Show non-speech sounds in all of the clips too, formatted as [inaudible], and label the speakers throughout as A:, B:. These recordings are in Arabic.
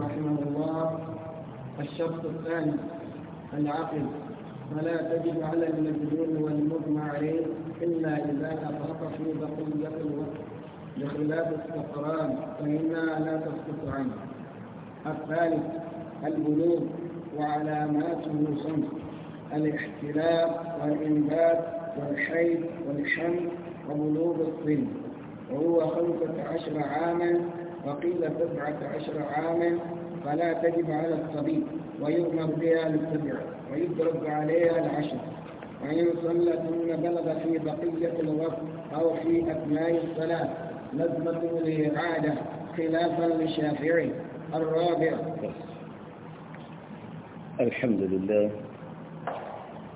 A: رحمه الله الشرط الثاني العقل فلا تجب على المجنون والمغمى عليه إلا إذا أفرط في بقية الوقت بخلاف السكران فإنها لا تسقط عنه الثالث البلوغ وعلاماته خمس الاحتلال والإنبات والحيض والحمل وبلوغ السن وهو خمسة عشر عاما وقيل سبعة عشر عاما فلا تجب على الصبي ويؤمر بها للسبع ويضرب عليها العشر وإن صلى ثم بلغ في بقية الوقت أو في أثناء الصلاة لزمة الإعادة خلافا للشافعي الرابع الحمد لله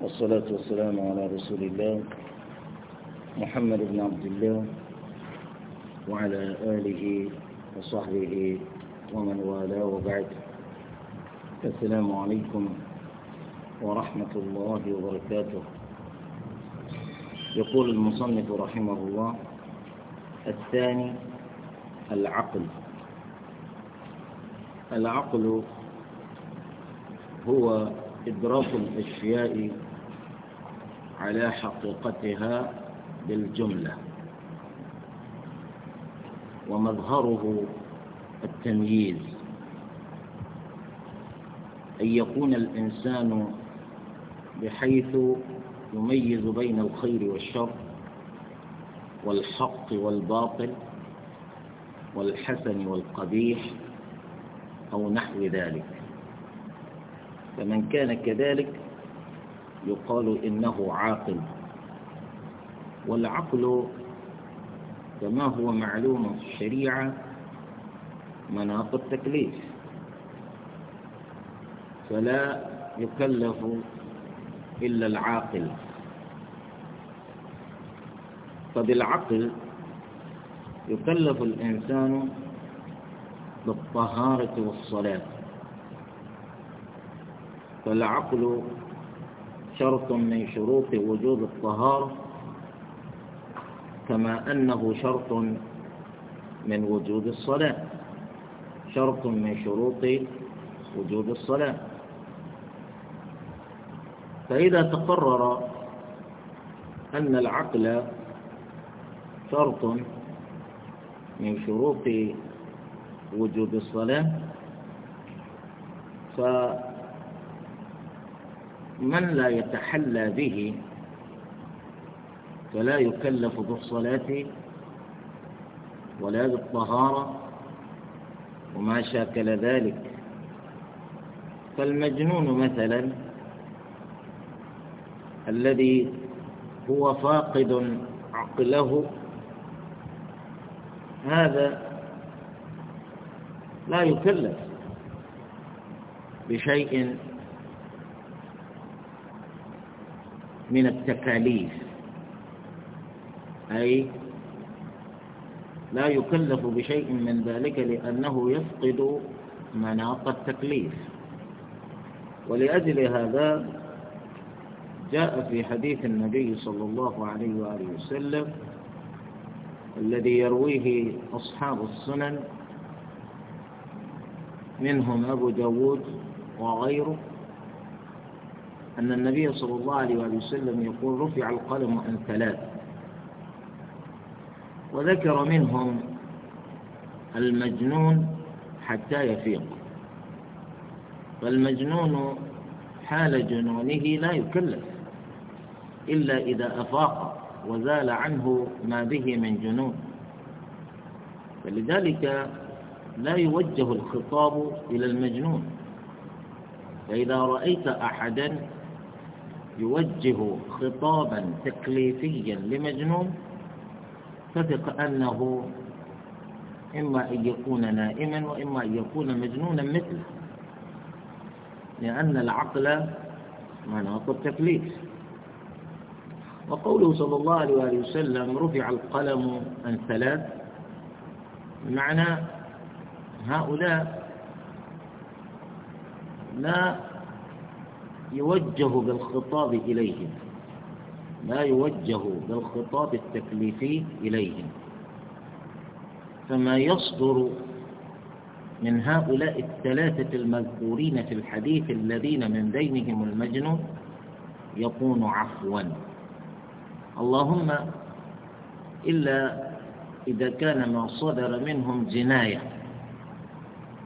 A: والصلاة والسلام على رسول الله محمد بن عبد الله وعلى آله وصحبه ومن والاه وبعد السلام عليكم ورحمة الله وبركاته يقول المصنف رحمه الله الثاني العقل العقل هو إدراك الأشياء على حقيقتها بالجملة ومظهره التمييز أن يكون الإنسان بحيث يميز بين الخير والشر والحق والباطل والحسن والقبيح أو نحو ذلك فمن كان كذلك يقال إنه عاقل والعقل كما هو معلوم في الشريعة مناط التكليف فلا يكلف إلا العاقل فبالعقل يكلف الإنسان بالطهارة والصلاة فالعقل شرط من شروط وجود الطهارة كما أنه شرط من وجود الصلاة شرط من شروط وجود الصلاة فإذا تقرر أن العقل شرط من شروط وجود الصلاة فمن لا يتحلى به فلا يكلف بالصلاة ولا بالطهارة وما شاكل ذلك فالمجنون مثلا الذي هو فاقد عقله هذا لا يكلف بشيء من التكاليف أي لا يكلف بشيء من ذلك لأنه يفقد مناط التكليف ولأجل هذا جاء في حديث النبي صلى الله عليه وآله وسلم الذي يرويه أصحاب السنن منهم أبو داود وغيره أن النبي صلى الله عليه وآله وسلم يقول رفع القلم عن ثلاث وذكر منهم المجنون حتى يفيق فالمجنون حال جنونه لا يكلف إلا إذا أفاق وزال عنه ما به من جنون فلذلك لا يوجه الخطاب إلى المجنون فإذا رأيت أحدا يوجه خطابا تكليفيا لمجنون اتفق أنه إما أن يكون نائما وإما أن يكون مجنونا مثله لأن العقل مناط التكليف وقوله صلى الله عليه وسلم رفع القلم عن ثلاث معنى هؤلاء لا يوجه بالخطاب إليهم ما يوجه بالخطاب التكليفي إليهم فما يصدر من هؤلاء الثلاثة المذكورين في الحديث الذين من بينهم المجنون يكون عفوا اللهم إلا إذا كان ما صدر منهم جناية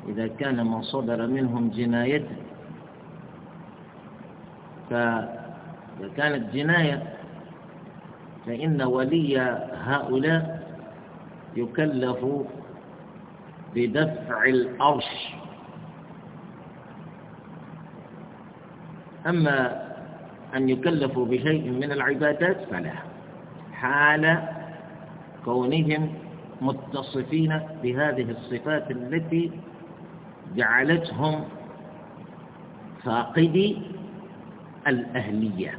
A: إذا كان ما صدر منهم جناية فإذا كانت جناية فإن ولي هؤلاء يكلف بدفع الأرش أما أن يكلفوا بشيء من العبادات فلا حال كونهم متصفين بهذه الصفات التي جعلتهم فاقدي الأهلية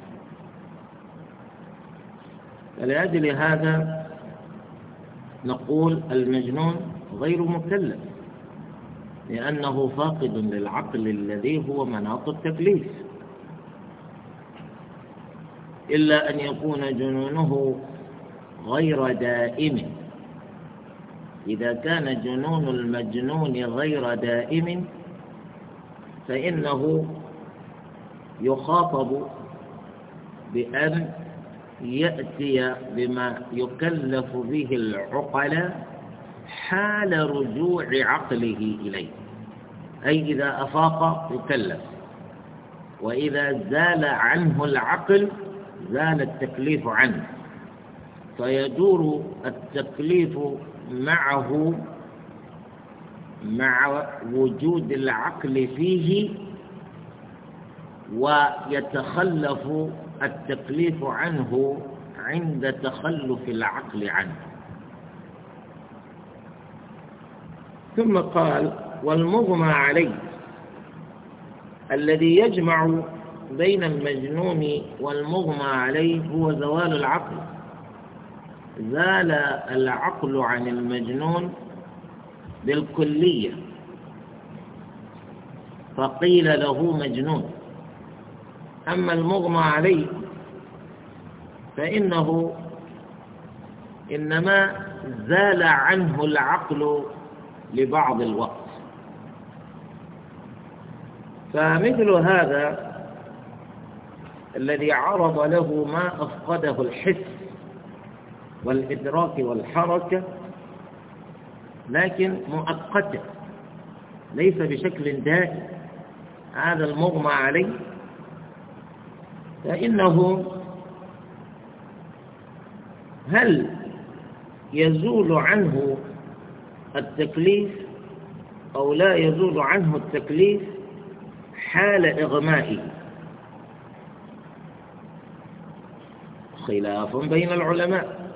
A: فلأجل هذا نقول المجنون غير مكلف لأنه فاقد للعقل الذي هو مناط التكليف إلا أن يكون جنونه غير دائم إذا كان جنون المجنون غير دائم فإنه يخاطب بأن يأتي بما يكلف به العقل حال رجوع عقله إليه أي إذا أفاق يكلف وإذا زال عنه العقل زال التكليف عنه فيدور التكليف معه مع وجود العقل فيه ويتخلف التكليف عنه عند تخلف العقل عنه ثم قال والمغمى عليه الذي يجمع بين المجنون والمغمى عليه هو زوال العقل زال العقل عن المجنون بالكلية فقيل له مجنون أما المغمى عليه فإنه إنما زال عنه العقل لبعض الوقت فمثل هذا الذي عرض له ما أفقده الحس والإدراك والحركة لكن مؤقتة ليس بشكل دائم هذا المغمى عليه فإنه هل يزول عنه التكليف أو لا يزول عنه التكليف حال إغمائه خلاف بين العلماء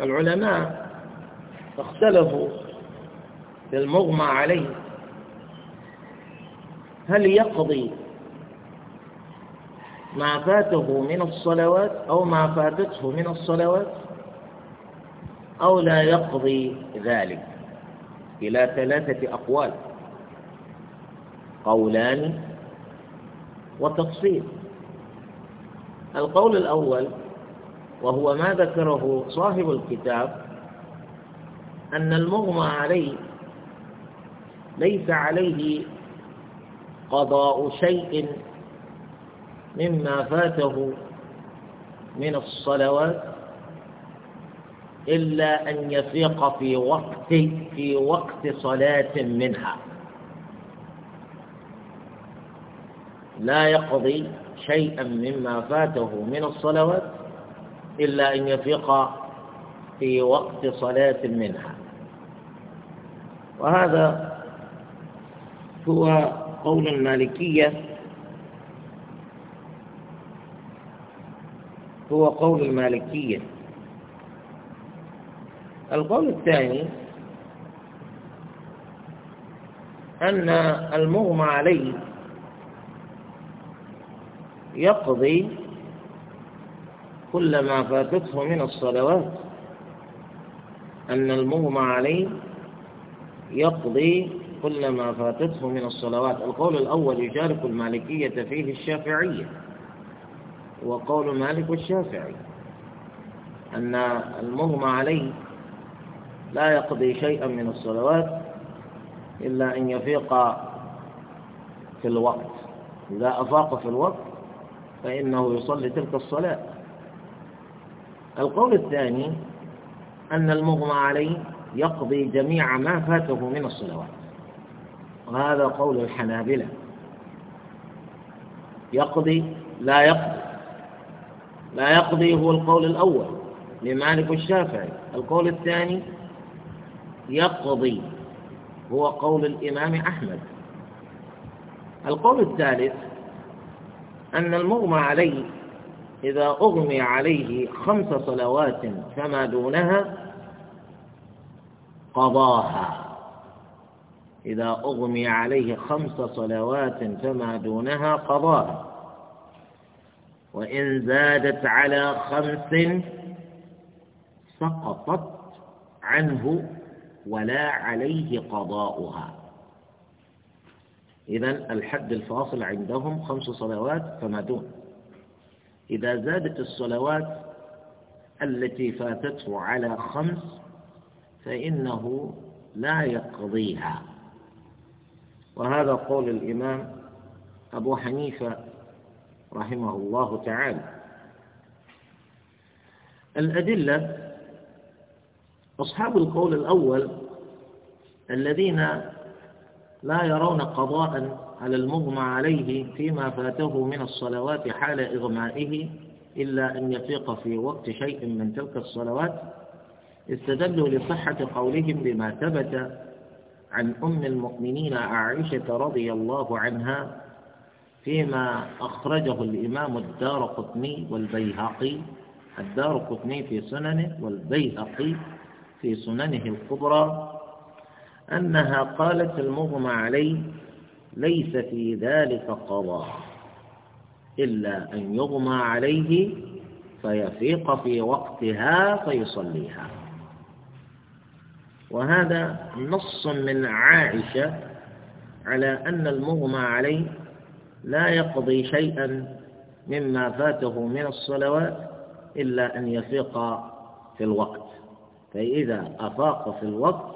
A: العلماء اختلفوا في المغمى عليه هل يقضي ما فاته من الصلوات أو ما فاتته من الصلوات أو لا يقضي ذلك إلى ثلاثة أقوال قولان وتفصيل القول الأول وهو ما ذكره صاحب الكتاب أن المغمى عليه ليس عليه قضاء شيء مما فاته من الصلوات إلا أن يفيق في وقت في وقت صلاة منها لا يقضي شيئا مما فاته من الصلوات إلا أن يفيق في وقت صلاة منها وهذا هو قول المالكية هو قول المالكية القول الثاني أن المغمى عليه يقضي كل ما فاتته من الصلوات أن المغمى عليه يقضي كل ما فاتته من الصلوات القول الأول يشارك المالكية فيه الشافعية وقول مالك والشافعي أن المغمى عليه لا يقضي شيئا من الصلوات إلا أن يفيق في الوقت إذا أفاق في الوقت فإنه يصلي تلك الصلاة القول الثاني أن المغمى عليه يقضي جميع ما فاته من الصلوات وهذا قول الحنابلة يقضي لا يقضي لا يقضي هو القول الأول لمالك الشافعي القول الثاني يقضي هو قول الإمام أحمد القول الثالث أن المغمى عليه إذا أغمي عليه خمس صلوات فما دونها قضاها إذا أغمي عليه خمس صلوات فما دونها قضاها وإن زادت على خمس سقطت عنه ولا عليه قضاؤها إذا الحد الفاصل عندهم خمس صلوات فما دون إذا زادت الصلوات التي فاتته على خمس فإنه لا يقضيها وهذا قول الإمام أبو حنيفة رحمه الله تعالى الأدلة أصحاب القول الأول الذين لا يرون قضاء على المغمى عليه فيما فاته من الصلوات حال إغمائه إلا أن يفيق في وقت شيء من تلك الصلوات استدلوا لصحة قولهم بما ثبت عن أم المؤمنين عائشة رضي الله عنها فيما أخرجه الإمام الدار قطني والبيهقي الدار قطني في سننه والبيهقي في سننه الكبرى أنها قالت المغمى عليه ليس في ذلك قضاء إلا أن يغمى عليه فيفيق في وقتها فيصليها وهذا نص من عائشة على أن المغمى عليه لا يقضي شيئا مما فاته من الصلوات إلا أن يفيق في الوقت فإذا أفاق في الوقت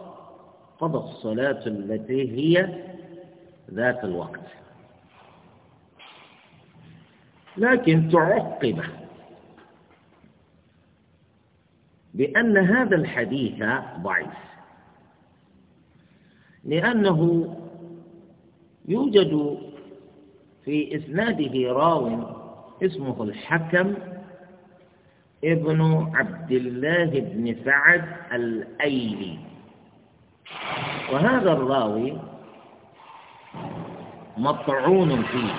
A: قضى الصلاة التي هي ذات الوقت لكن تعقب بأن هذا الحديث ضعيف لأنه يوجد في إسناده راو اسمه الحكم ابن عبد الله بن سعد الأيلي وهذا الراوي مطعون فيه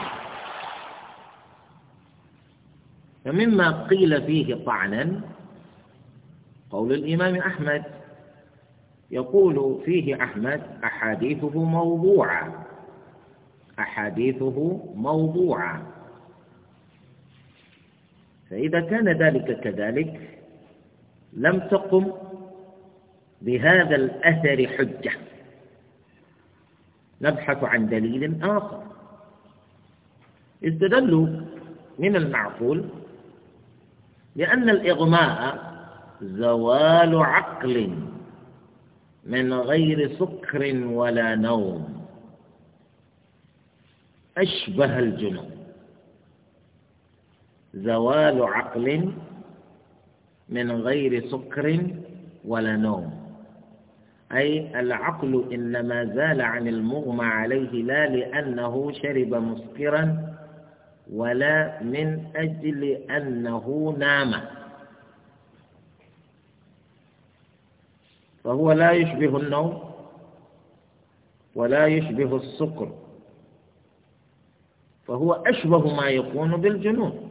A: فمما قيل فيه طعنا قول الإمام أحمد يقول فيه أحمد أحاديثه موضوعة أحاديثه موضوعة فإذا كان ذلك كذلك لم تقم بهذا الأثر حجة نبحث عن دليل آخر استدلوا من المعقول لأن الإغماء زوال عقل من غير سكر ولا نوم أشبه الجنون زوال عقل من غير سكر ولا نوم أي العقل إنما زال عن المغمى عليه لا لأنه شرب مسكرا ولا من أجل أنه نام فهو لا يشبه النوم ولا يشبه السكر فهو أشبه ما يكون بالجنون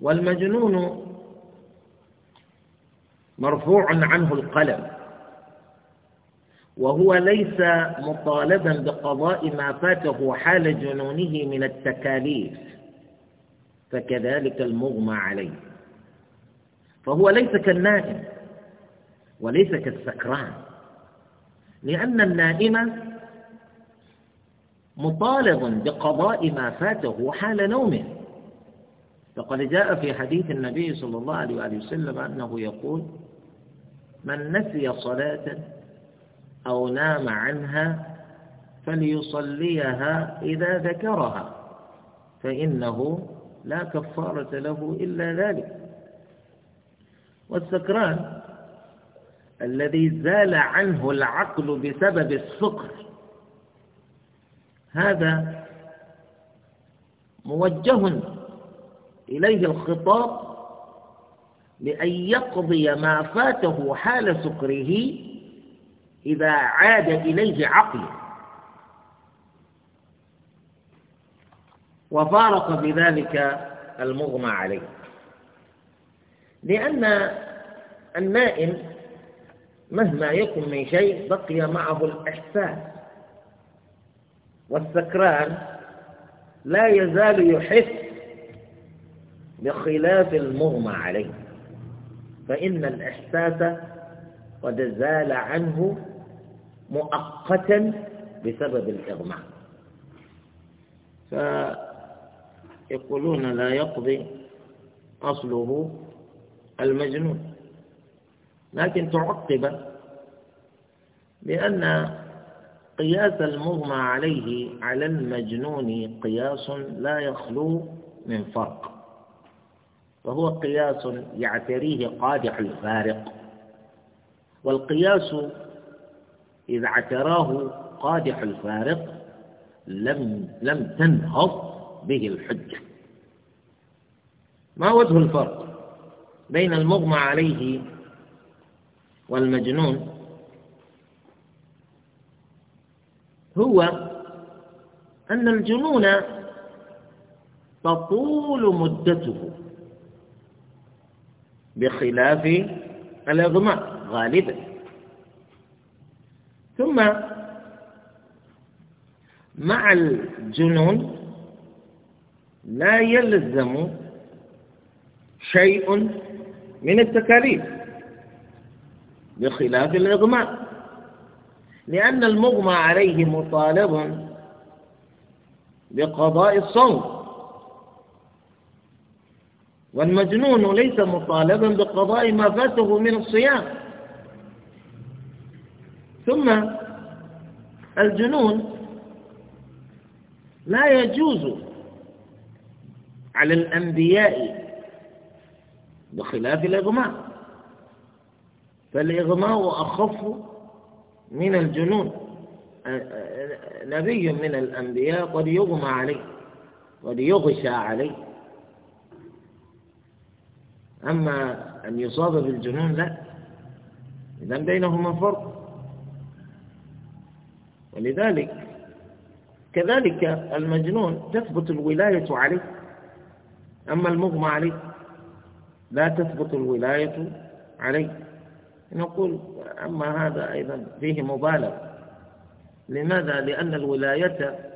A: والمجنون مرفوع عنه القلم وهو ليس مطالبا بقضاء ما فاته حال جنونه من التكاليف فكذلك المغمى عليه فهو ليس كالنائم وليس كالسكران لأن النائم مطالب بقضاء ما فاته حال نومه فقد جاء في حديث النبي صلى الله عليه وآله وسلم أنه يقول من نسي صلاة أو نام عنها فليصليها إذا ذكرها فإنه لا كفارة له إلا ذلك والسكران الذي زال عنه العقل بسبب السكر هذا موجه إليه الخطاب لأن يقضي ما فاته حال سكره إذا عاد إليه عقله وفارق بذلك المغمى عليه لأن النائم مهما يكن من شيء بقي معه الإحساس والسكران لا يزال يحس بخلاف المغمى عليه فإن الإحساس قد زال عنه مؤقتا بسبب الإغماء فيقولون لا يقضي أصله المجنون لكن تعقب بأن قياس المغمى عليه على المجنون قياس لا يخلو من فرق فهو قياس يعتريه قادح الفارق والقياس إذا اعتراه قادح الفارق لم لم تنهض به الحجة ما وجه الفرق بين المغمى عليه والمجنون هو أن الجنون تطول مدته بخلاف الإغماء غالبا ثم مع الجنون لا يلزم شيء من التكاليف بخلاف الإغماء لأن المغمى عليه مطالب بقضاء الصوم والمجنون ليس مطالبا بقضاء ما فاته من الصيام ثم الجنون لا يجوز على الأنبياء بخلاف الإغماء فالإغماء أخف من الجنون نبي من الأنبياء قد يغمى عليه قد يغشى عليه أما أن يصاب بالجنون لا إذا بينهما فرق ولذلك كذلك المجنون تثبت الولاية عليه أما المغمى عليه لا تثبت الولاية عليه نقول أما هذا أيضا فيه مبالغة لماذا؟ لأن الولاية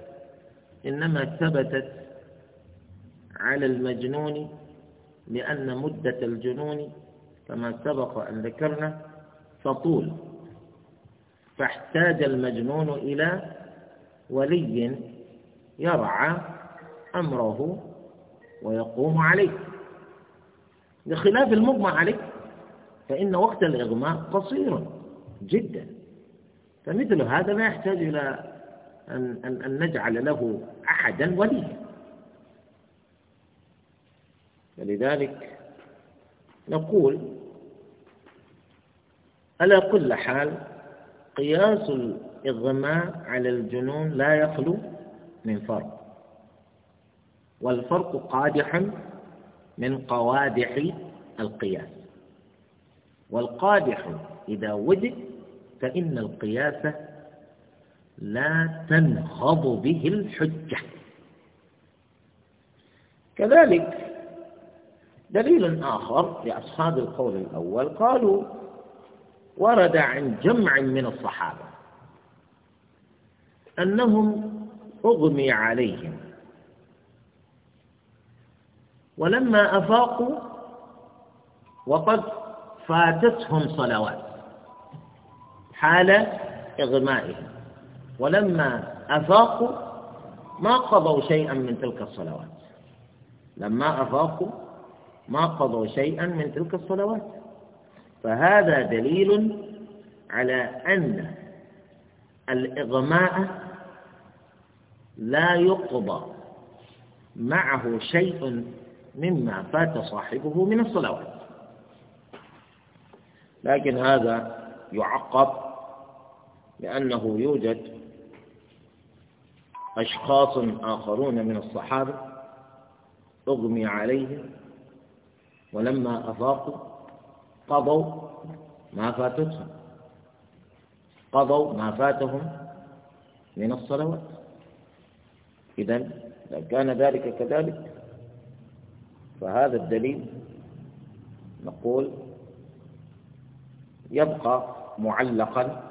A: إنما ثبتت على المجنون لأن مدة الجنون كما سبق أن ذكرنا تطول فاحتاج المجنون إلى ولي يرعى أمره ويقوم عليه بخلاف المغمى عليه فإن وقت الإغماء قصير جدا فمثل هذا ما يحتاج إلى أن, أن, أن نجعل له أحدا وليا فلذلك نقول على كل حال قياس الإغماء على الجنون لا يخلو من فرق والفرق قادح من قوادح القياس والقادح إذا وجد فإن القياس لا تنخض به الحجة كذلك دليل آخر لأصحاب القول الأول قالوا ورد عن جمع من الصحابة أنهم أغمي عليهم ولما أفاقوا وقد فاتتهم صلوات حال إغمائهم ولما أفاقوا ما قضوا شيئا من تلك الصلوات لما أفاقوا ما قضوا شيئا من تلك الصلوات فهذا دليل على أن الإغماء لا يقضى معه شيء مما فات صاحبه من الصلوات لكن هذا يعقب لأنه يوجد أشخاص آخرون من الصحابة أغمي عليهم ولما أفاقوا قضوا ما فاتتهم قضوا ما فاتهم من الصلوات إذا لو كان ذلك كذلك فهذا الدليل نقول يبقى معلقا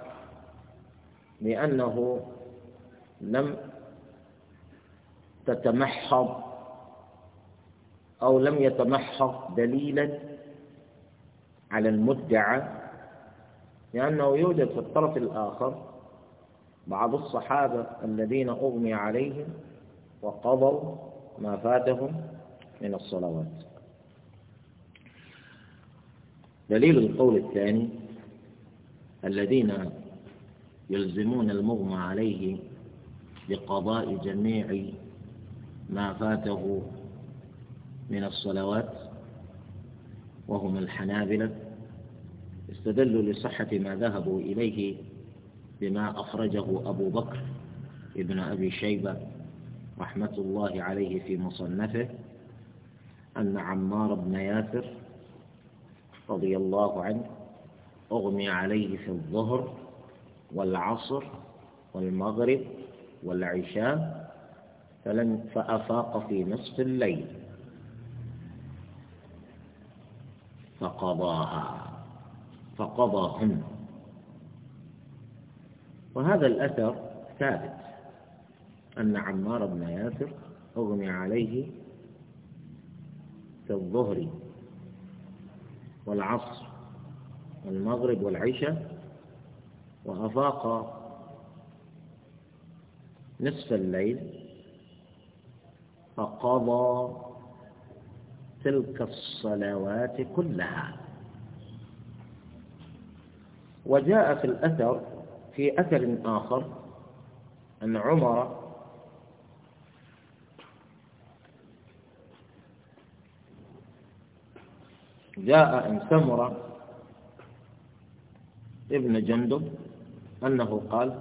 A: لأنه لم تتمحض أو لم يتمحض دليلا على المدعى لأنه يوجد في الطرف الآخر بعض الصحابة الذين أغمي عليهم وقضوا ما فاتهم من الصلوات دليل القول الثاني الذين يلزمون المغمى عليه بقضاء جميع ما فاته من الصلوات وهم الحنابلة استدلوا لصحة ما ذهبوا إليه بما أخرجه أبو بكر ابن أبي شيبة رحمة الله عليه في مصنفه أن عمار بن ياسر رضي الله عنه أغمي عليه في الظهر والعصر والمغرب والعشاء فلم فأفاق في نصف الليل فقضاها فقضاهن وهذا الأثر ثابت أن عمار بن ياسر أغمي عليه في الظهر والعصر المغرب والعشاء وأفاق نصف الليل فقضى تلك الصلوات كلها وجاء في الأثر في أثر آخر أن عمر جاء أن سمر ابن جندب أنه قال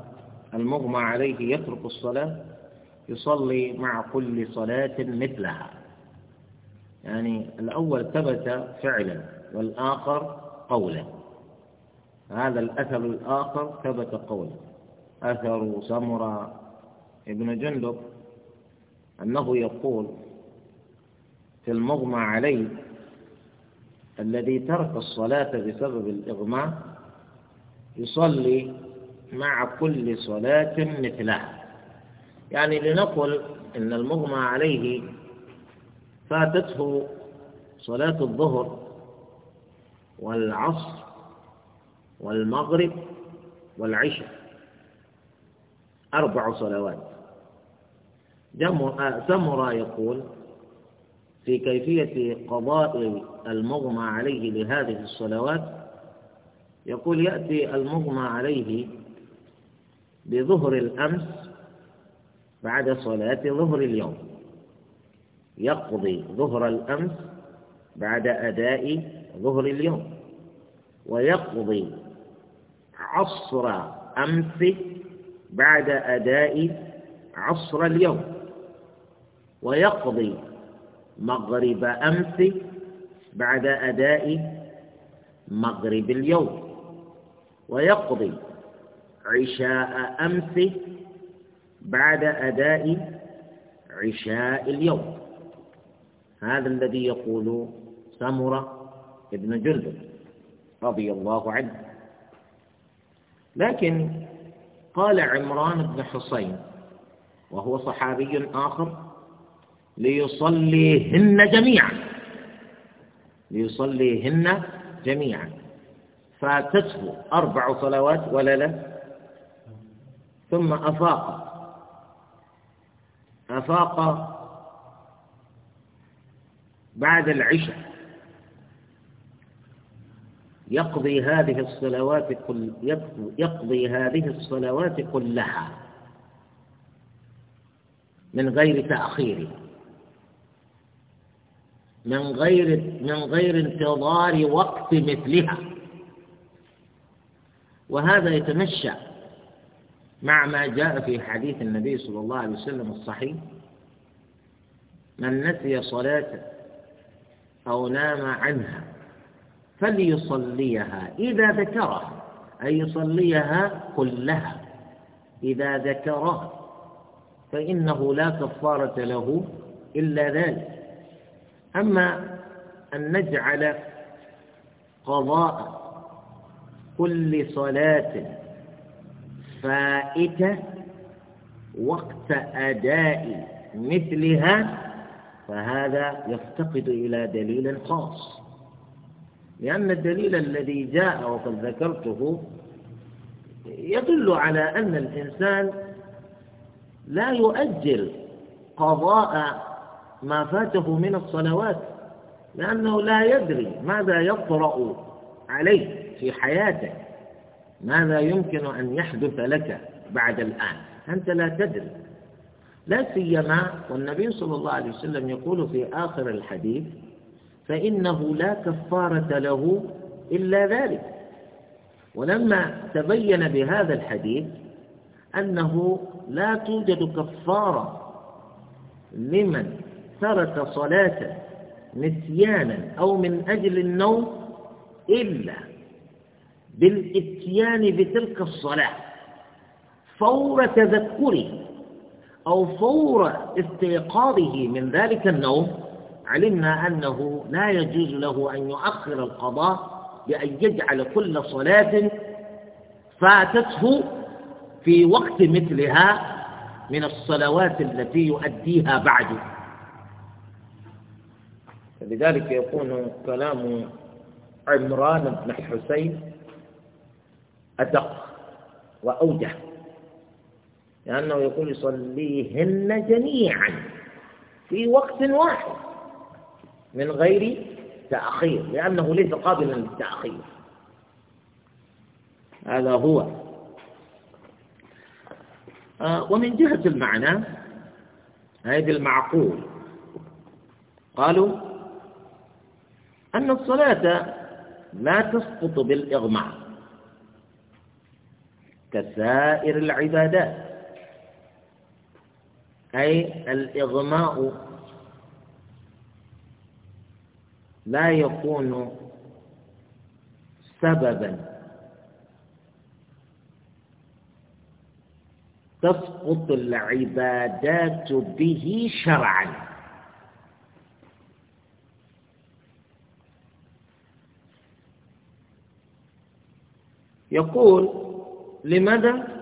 A: المغمى عليه يترك الصلاة يصلي مع كل صلاة مثلها يعني الأول ثبت فعلا والآخر قولا هذا الأثر الآخر ثبت قولا أثر سمرة ابن جندب أنه يقول في المغمى عليه الذي ترك الصلاة بسبب الإغماء يصلي مع كل صلاة مثلها يعني لنقل إن المغمى عليه فاتته صلاة الظهر والعصر والمغرب والعشاء أربع صلوات آه، سمرا يقول في كيفية قضاء المغمى عليه لهذه الصلوات يقول يأتي المغمى عليه بظهر الأمس بعد صلاة ظهر اليوم يقضي ظهر الأمس بعد أداء ظهر اليوم ويقضي عصر أمس بعد أداء عصر اليوم ويقضي مغرب أمس بعد أداء مغرب اليوم ويقضي عشاء أمسه بعد أداء عشاء اليوم هذا الذي يقول سمرة ابن جندب رضي الله عنه لكن قال عمران بن حسين وهو صحابي آخر ليصليهن جميعا ليصليهن جميعا فاتته أربع صلوات ولا لا ثم أفاق أفاق بعد العشاء يقضي هذه الصلوات كل يقضي هذه الصلوات كلها من غير تأخير من غير من غير انتظار وقت مثلها وهذا يتمشى مع ما جاء في حديث النبي صلى الله عليه وسلم الصحيح من نسي صلاة أو نام عنها فليصليها إذا ذكرها أي يصليها كلها إذا ذكرها فإنه لا كفارة له إلا ذلك أما أن نجعل قضاء كل صلاة فائتة وقت أداء مثلها فهذا يفتقد إلى دليل خاص لأن الدليل الذي جاء وقد ذكرته يدل على أن الإنسان لا يؤجل قضاء ما فاته من الصلوات لأنه لا يدري ماذا يطرأ عليه في حياتك ماذا يمكن أن يحدث لك بعد الآن أنت لا تدري لا سيما والنبي صلى الله عليه وسلم يقول في آخر الحديث فإنه لا كفارة له إلا ذلك ولما تبين بهذا الحديث أنه لا توجد كفارة لمن ترك صلاة نسيانا أو من أجل النوم إلا بالاتيان بتلك الصلاة فور تذكره أو فور استيقاظه من ذلك النوم علمنا أنه لا يجوز له أن يؤخر القضاء بأن يجعل كل صلاة فاتته في وقت مثلها من الصلوات التي يؤديها بعده فلذلك يكون كلام عمران بن حسين أدق وأوجه لأنه يقول يصليهن جميعا في وقت واحد من غير تأخير لأنه ليس قابلا للتأخير هذا هو آه، ومن جهة المعنى هذا المعقول قالوا أن الصلاة لا تسقط بالإغماء كسائر العبادات أي الإغماء لا يكون سببا تسقط العبادات به شرعا يقول لماذا؟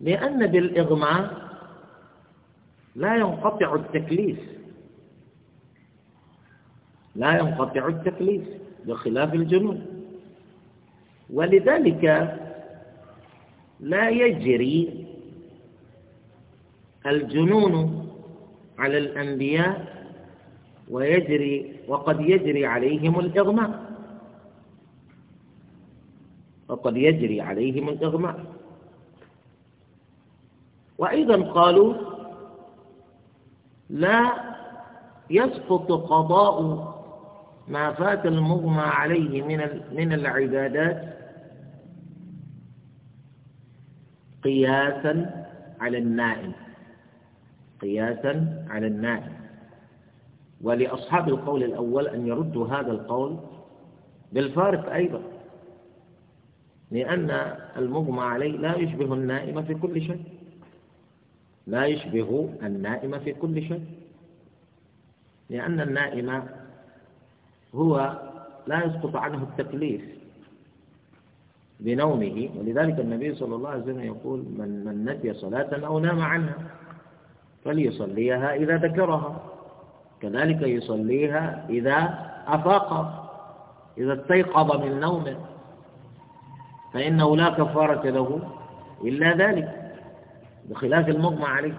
A: لأن بالإغماء لا ينقطع التكليف لا ينقطع التكليف بخلاف الجنون ولذلك لا يجري الجنون على الأنبياء ويجري وقد يجري عليهم الإغماء وقد يجري عليهم الإغماء وأيضا قالوا لا يسقط قضاء ما فات المغمى عليه من من العبادات قياسا على النائم قياسا على النائم ولأصحاب القول الأول أن يردوا هذا القول بالفارق أيضا لأن المغمى عليه لا يشبه النائم في كل شيء لا يشبه النائم في كل شيء لأن النائم هو لا يسقط عنه التكليف بنومه ولذلك النبي صلى الله عليه وسلم يقول من من نسي صلاة أو نام عنها فليصليها إذا ذكرها كذلك يصليها إذا أفاق إذا استيقظ من نومه فإنه لا كفارة له إلا ذلك بخلاف المغمى عليه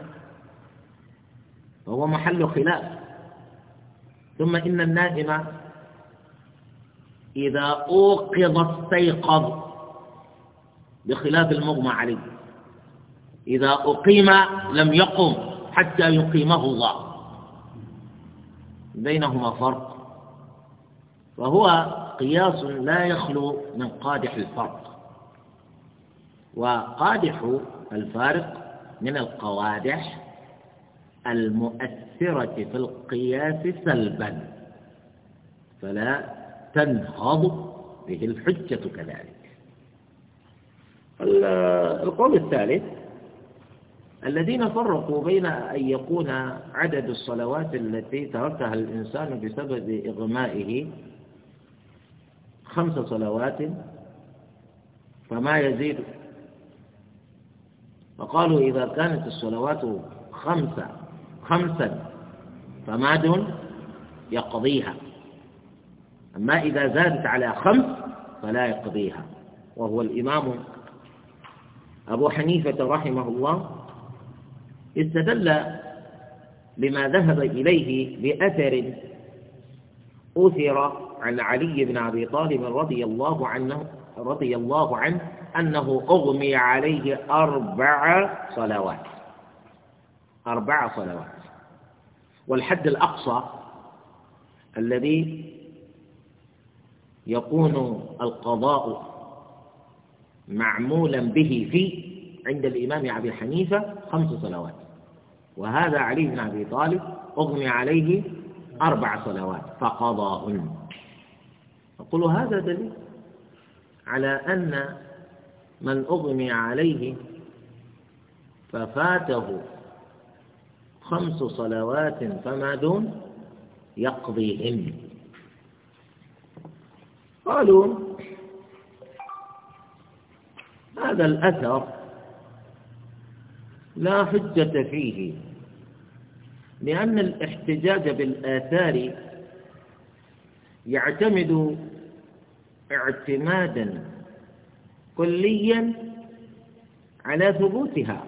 A: فهو محل خلاف ثم إن النائم إذا أوقظ استيقظ بخلاف المغمى عليه إذا أقيم لم يقم حتى يقيمه الله بينهما فرق فهو قياس لا يخلو من قادح الفرق وقادح الفارق من القوادح المؤثرة في القياس سلبا فلا تنهض به الحجة كذلك القول الثالث الذين فرقوا بين أن يكون عدد الصلوات التي تركها الإنسان بسبب إغمائه خمس صلوات فما يزيد فقالوا إذا كانت الصلوات خمسة خمسا فماد يقضيها أما إذا زادت على خمس فلا يقضيها وهو الإمام أبو حنيفة رحمه الله استدل بما ذهب إليه بأثر أثر عن علي بن أبي طالب رضي الله عنه رضي الله عنه أنه أغمي عليه أربع صلوات أربع صلوات والحد الأقصى الذي يكون القضاء معمولا به فيه عند الإمام أبي حنيفة خمس صلوات وهذا علي بن أبي طالب أغمي عليه أربع صلوات فقضاء أقول هذا دليل على أن من أغمي عليه ففاته خمس صلوات فما دون يقضيهن قالوا هذا الأثر لا حجة فيه لأن الاحتجاج بالآثار يعتمد اعتمادا كليا على ثبوتها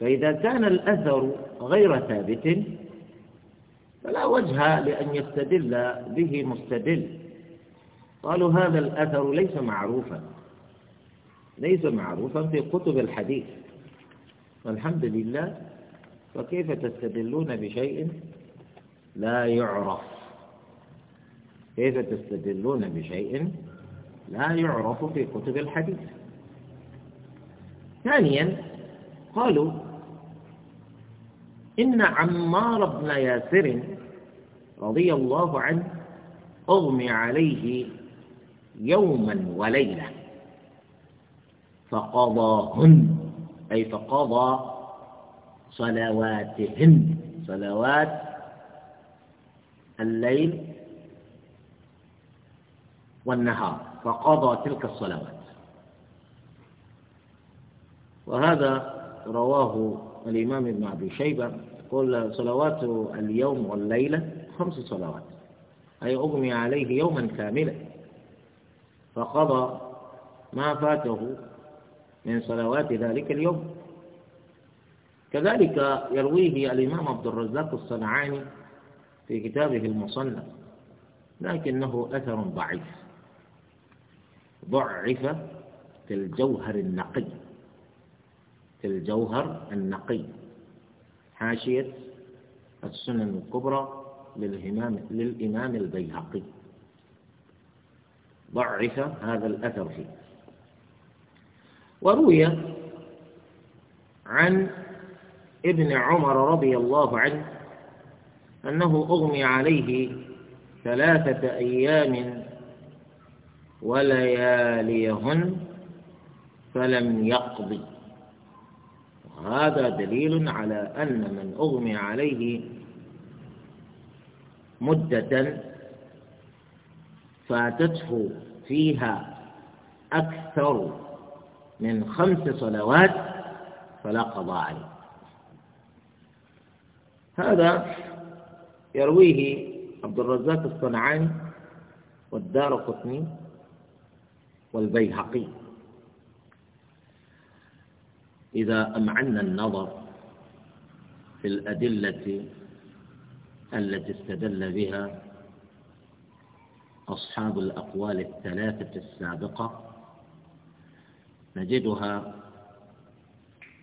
A: فإذا كان الأثر غير ثابت فلا وجه لأن يستدل به مستدل قالوا هذا الأثر ليس معروفا ليس معروفا في كتب الحديث والحمد لله فكيف تستدلون بشيء لا يعرف كيف تستدلون بشيء لا يعرف في كتب الحديث ثانيا قالوا إن عمار بن ياسر رضي الله عنه أغمي عليه يوما وليلة فقضاهن أي فقضى صلواتهن صلوات الليل والنهار فقضى تلك الصلوات وهذا رواه الإمام ابن أبي شيبة قل صلوات اليوم والليلة خمس صلوات أي أغمي عليه يوما كاملا فقضى ما فاته من صلوات ذلك اليوم كذلك يرويه الإمام عبد الرزاق الصنعاني في كتابه المصنف لكنه أثر ضعيف ضعف في الجوهر النقي في الجوهر النقي حاشية السنن الكبرى للإمام, للإمام البيهقي ضعف هذا الأثر فيه وروي عن ابن عمر رضي الله عنه أنه أغمي عليه ثلاثة أيام ولياليهن فلم يقض وهذا دليل على أن من أغمي عليه مدة فاتته فيها أكثر من خمس صلوات فلا قضاء عليه هذا يرويه عبد الرزاق الصنعاني والدار قطني والبيهقي إذا أمعنا النظر في الأدلة التي استدل بها أصحاب الأقوال الثلاثة السابقة نجدها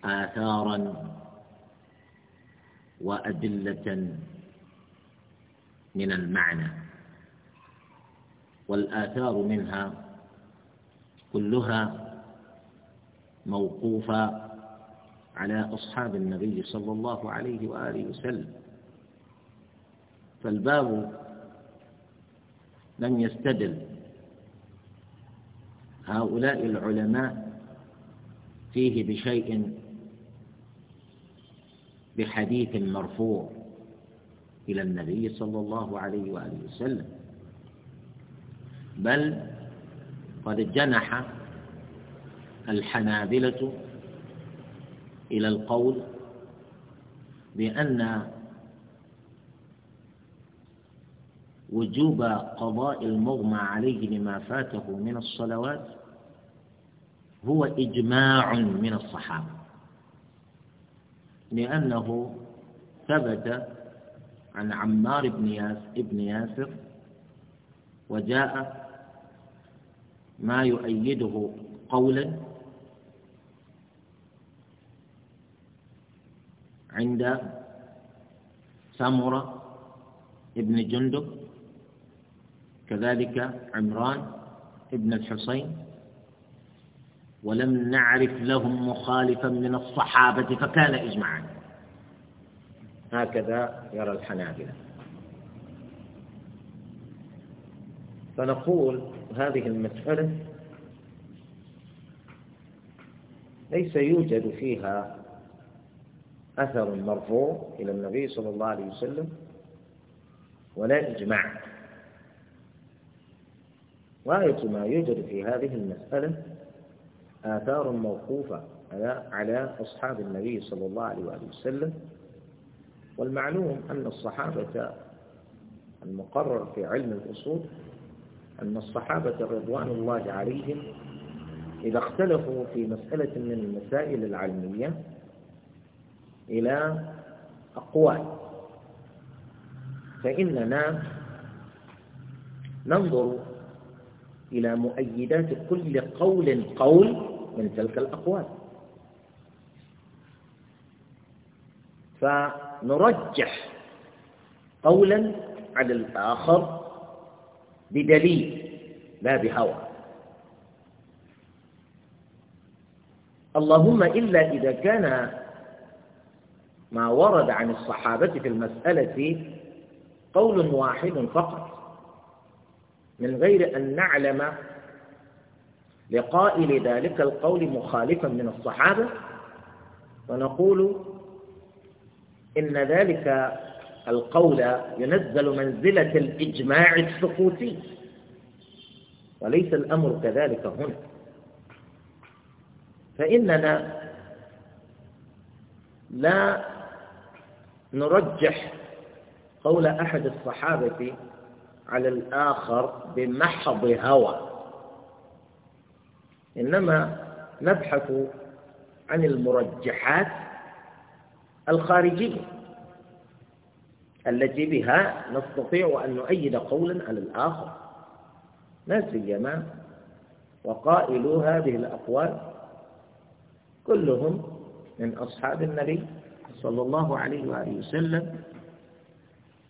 A: آثارا وأدلة من المعنى والآثار منها كلها موقوفة على أصحاب النبي صلى الله عليه وآله وسلم فالباب لم يستدل هؤلاء العلماء فيه بشيء بحديث مرفوع إلى النبي صلى الله عليه وآله وسلم بل قد جنح الحنابلة إلى القول بأن وجوب قضاء المغمى عليه لما فاته من الصلوات هو إجماع من الصحابة لأنه ثبت عن عمار بن ياسر وجاء ما يؤيده قولا عند سمرة ابن جندب كذلك عمران ابن الحصين ولم نعرف لهم مخالفا من الصحابة فكان إجماعا هكذا يرى الحنابلة فنقول هذه المسألة ليس يوجد فيها أثر مرفوع إلى النبي صلى الله عليه وسلم ولا إجماع غاية ما يوجد في هذه المسألة آثار موقوفة على أصحاب النبي صلى الله عليه وسلم والمعلوم أن الصحابة المقرر في علم الأصول أن الصحابة رضوان الله عليهم إذا اختلفوا في مسألة من المسائل العلمية إلى أقوال فإننا ننظر إلى مؤيدات كل قول قول من تلك الأقوال فنرجح قولا على الآخر بدليل لا بهوى اللهم إلا إذا كان ما ورد عن الصحابة في المسألة قول واحد فقط من غير أن نعلم لقائل ذلك القول مخالفا من الصحابة ونقول إن ذلك القول ينزل منزلة الإجماع السقوطي وليس الأمر كذلك هنا فإننا لا نرجح قول أحد الصحابة على الآخر بمحض هوى إنما نبحث عن المرجحات الخارجية التي بها نستطيع أن نؤيد قولا على الآخر لا سيما وقائلو هذه الأقوال كلهم من أصحاب النبي صلى الله عليه وآله وسلم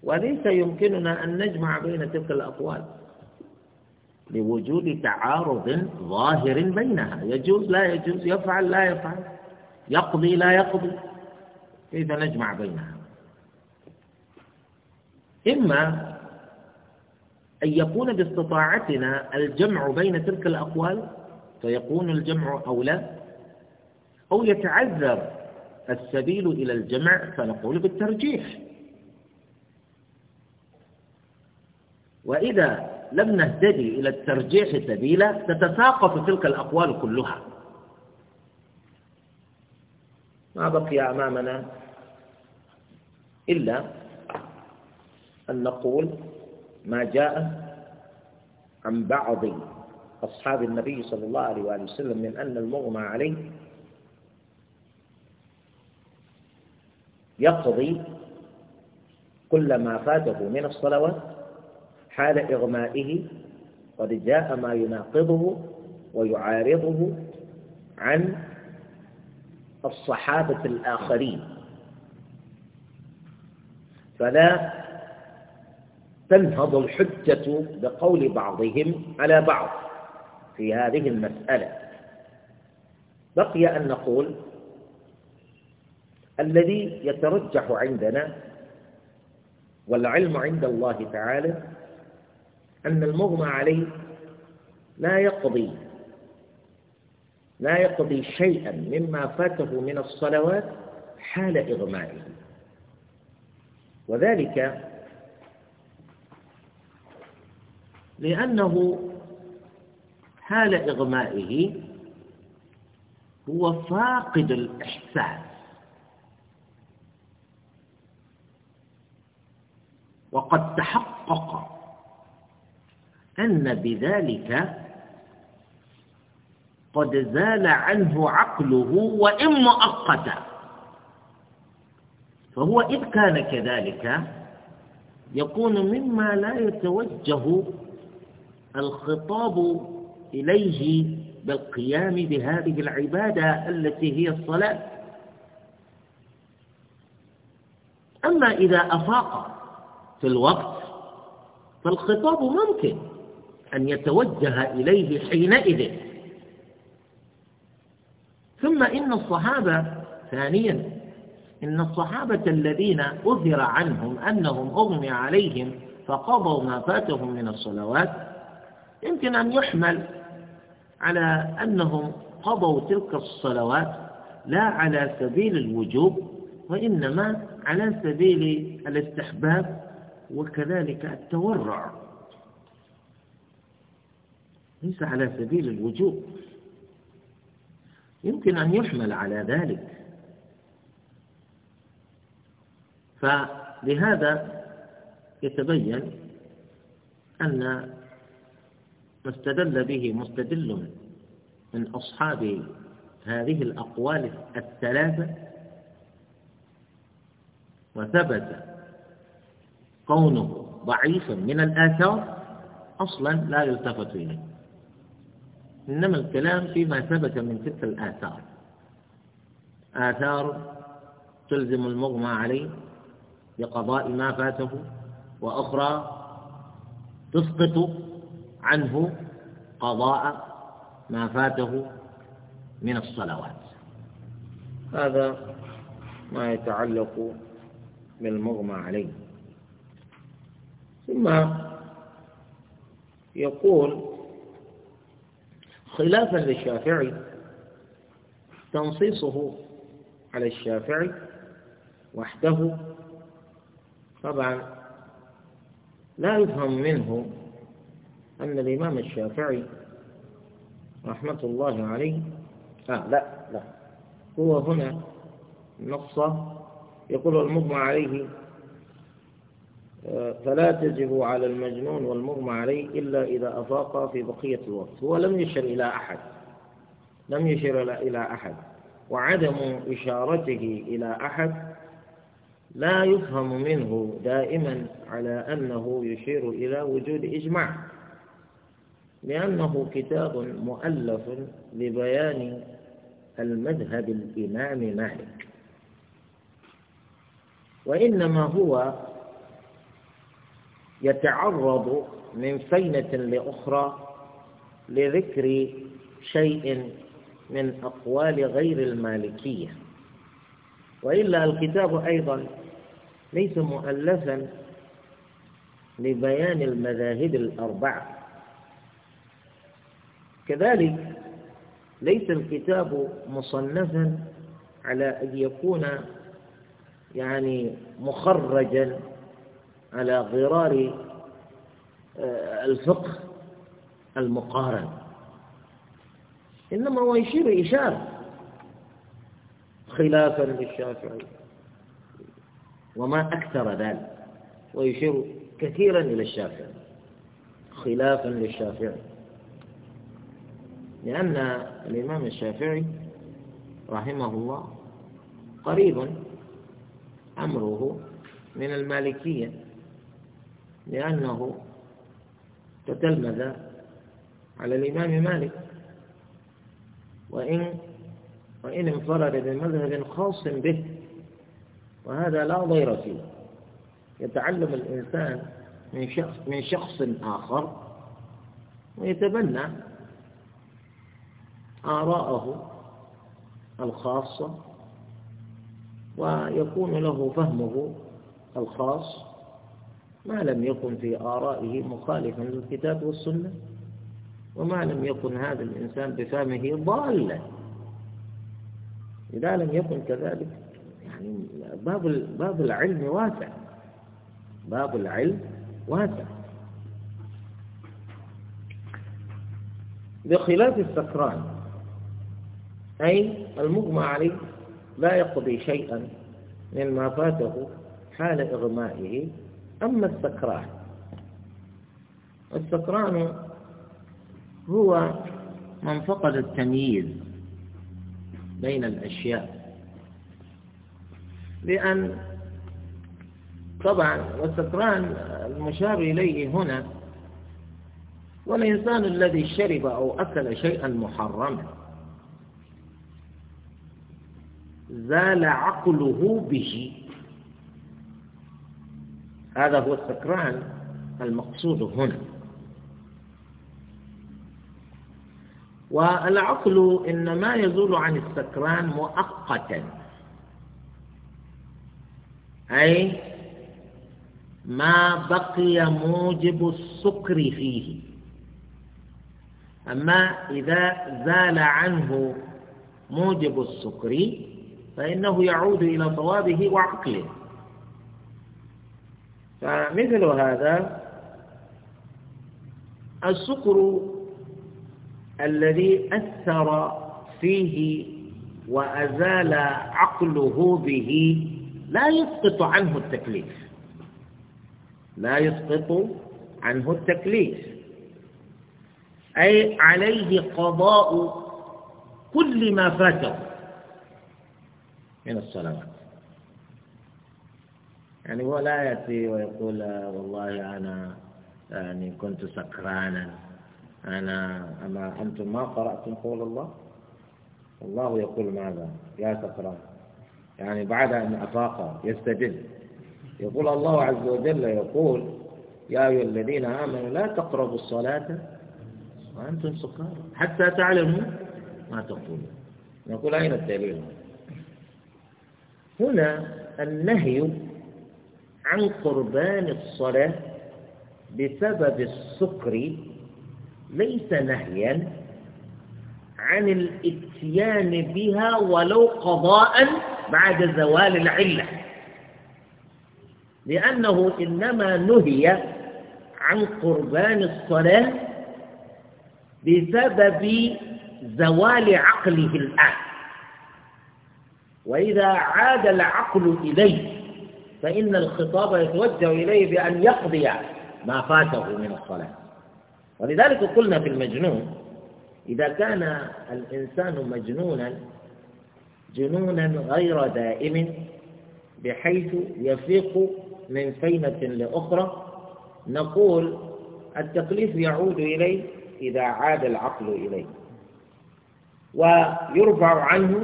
A: وليس يمكننا أن نجمع بين تلك الأقوال لوجود تعارض ظاهر بينها يجوز لا يجوز يفعل لا يفعل يقضي لا يقضي كيف نجمع بينها إما أن يكون باستطاعتنا الجمع بين تلك الأقوال فيكون الجمع أولى أو يتعذر السبيل إلى الجمع فنقول بالترجيح وإذا لم نهتدي إلى الترجيح سبيلا تتساقط تلك الأقوال كلها ما بقي أمامنا إلا أن نقول ما جاء عن بعض أصحاب النبي صلى الله عليه وآله وسلم من أن المغمى عليه يقضي كل ما فاته من الصلوات حال إغمائه قد جاء ما يناقضه ويعارضه عن الصحابة الآخرين فلا تنهض الحجة بقول بعضهم على بعض في هذه المسألة بقي أن نقول الذي يترجح عندنا والعلم عند الله تعالى أن المغمى عليه لا يقضي لا يقضي شيئا مما فاته من الصلوات حال إغمائه وذلك لأنه حال إغمائه هو فاقد الإحساس وقد تحقق أن بذلك قد زال عنه عقله وإن مؤقتا فهو إذ كان كذلك يكون مما لا يتوجه الخطاب إليه بالقيام بهذه العبادة التي هي الصلاة أما إذا أفاق في الوقت فالخطاب ممكن أن يتوجه إليه حينئذ ثم إن الصحابة ثانيا إن الصحابة الذين أثر عنهم أنهم أغمي عليهم فقضوا ما فاتهم من الصلوات يمكن أن يحمل على أنهم قضوا تلك الصلوات لا على سبيل الوجوب وإنما على سبيل الاستحباب وكذلك التورع ليس على سبيل الوجوب يمكن أن يحمل على ذلك فلهذا يتبين أن فاستدل به مستدل من أصحاب هذه الأقوال الثلاثة وثبت كونه ضعيفا من الآثار أصلا لا يلتفت إليه إنما الكلام فيما ثبت من تلك الآثار آثار تلزم المغمى عليه بقضاء ما فاته وأخرى تسقط عنه قضاء ما فاته من الصلوات هذا ما يتعلق بالمغمى عليه ثم يقول خلافا للشافعي تنصيصه على الشافعي وحده طبعا لا يفهم منه أن الإمام الشافعي رحمة الله عليه آه لا لا هو هنا نص يقول المغمى عليه آه، فلا تجب على المجنون والمغمى عليه إلا إذا أفاق في بقية الوقت هو لم يشر إلى أحد لم يشر إلى أحد وعدم إشارته إلى أحد لا يفهم منه دائما على أنه يشير إلى وجود إجماع لأنه كتاب مؤلف لبيان المذهب الإمام مالك وإنما هو يتعرض من فينة لأخرى لذكر شيء من أقوال غير المالكية وإلا الكتاب أيضا ليس مؤلفا لبيان المذاهب الأربعة كذلك ليس الكتاب مصنفا على أن يكون يعني مخرجا على غرار آه، الفقه المقارن إنما هو يشير إشارة خلافا للشافعي وما أكثر ذلك ويشير كثيرا إلى الشافعي خلافا للشافعي لأن الإمام الشافعي رحمه الله قريب أمره من المالكية لأنه تتلمذ على الإمام مالك وإن وإن انفرد بمذهب خاص به وهذا لا ضير فيه يتعلم الإنسان من شخص من شخص آخر ويتبنى آراءه الخاصة ويكون له فهمه الخاص ما لم يكن في آرائه مخالفا للكتاب والسنة وما لم يكن هذا الإنسان بفهمه ضالا إذا لم يكن كذلك يعني باب باب العلم واسع باب العلم واسع بخلاف السكران أي المغمى عليه لا يقضي شيئا مما فاته حال إغمائه أما السكران السكران هو من فقد التمييز بين الأشياء لأن طبعا والسكران المشار إليه هنا والإنسان الذي شرب أو أكل شيئا محرما زال عقله به هذا هو السكران المقصود هنا والعقل إنما يزول عن السكران مؤقتا أي ما بقي موجب السكر فيه أما إذا زال عنه موجب السكر فإنه يعود إلى صوابه وعقله فمثل هذا السكر الذي أثر فيه وأزال عقله به لا يسقط عنه التكليف لا يسقط عنه التكليف أي عليه قضاء كل ما فاته من الصلوات يعني هو لا يأتي ويقول والله أنا يعني كنت سكرانا أنا أما أنتم ما قرأتم قول الله الله يقول ماذا يا سكران يعني بعد أن أفاق يستدل يقول الله عز وجل يقول يا أيها الذين آمنوا لا تقربوا الصلاة وأنتم سكارى حتى تعلموا ما تقولون نقول أين الدليل هنا النهي عن قربان الصلاة بسبب السكر ليس نهيا عن الاتيان بها ولو قضاء بعد زوال العلة لأنه إنما نهي عن قربان الصلاة بسبب زوال عقله الآن وإذا عاد العقل إليه فإن الخطاب يتوجه إليه بأن يقضي ما فاته من الصلاة ولذلك قلنا في المجنون إذا كان الإنسان مجنونا جنونا غير دائم بحيث يفيق من فينة لأخرى نقول التكليف يعود إليه إذا عاد العقل إليه ويرفع عنه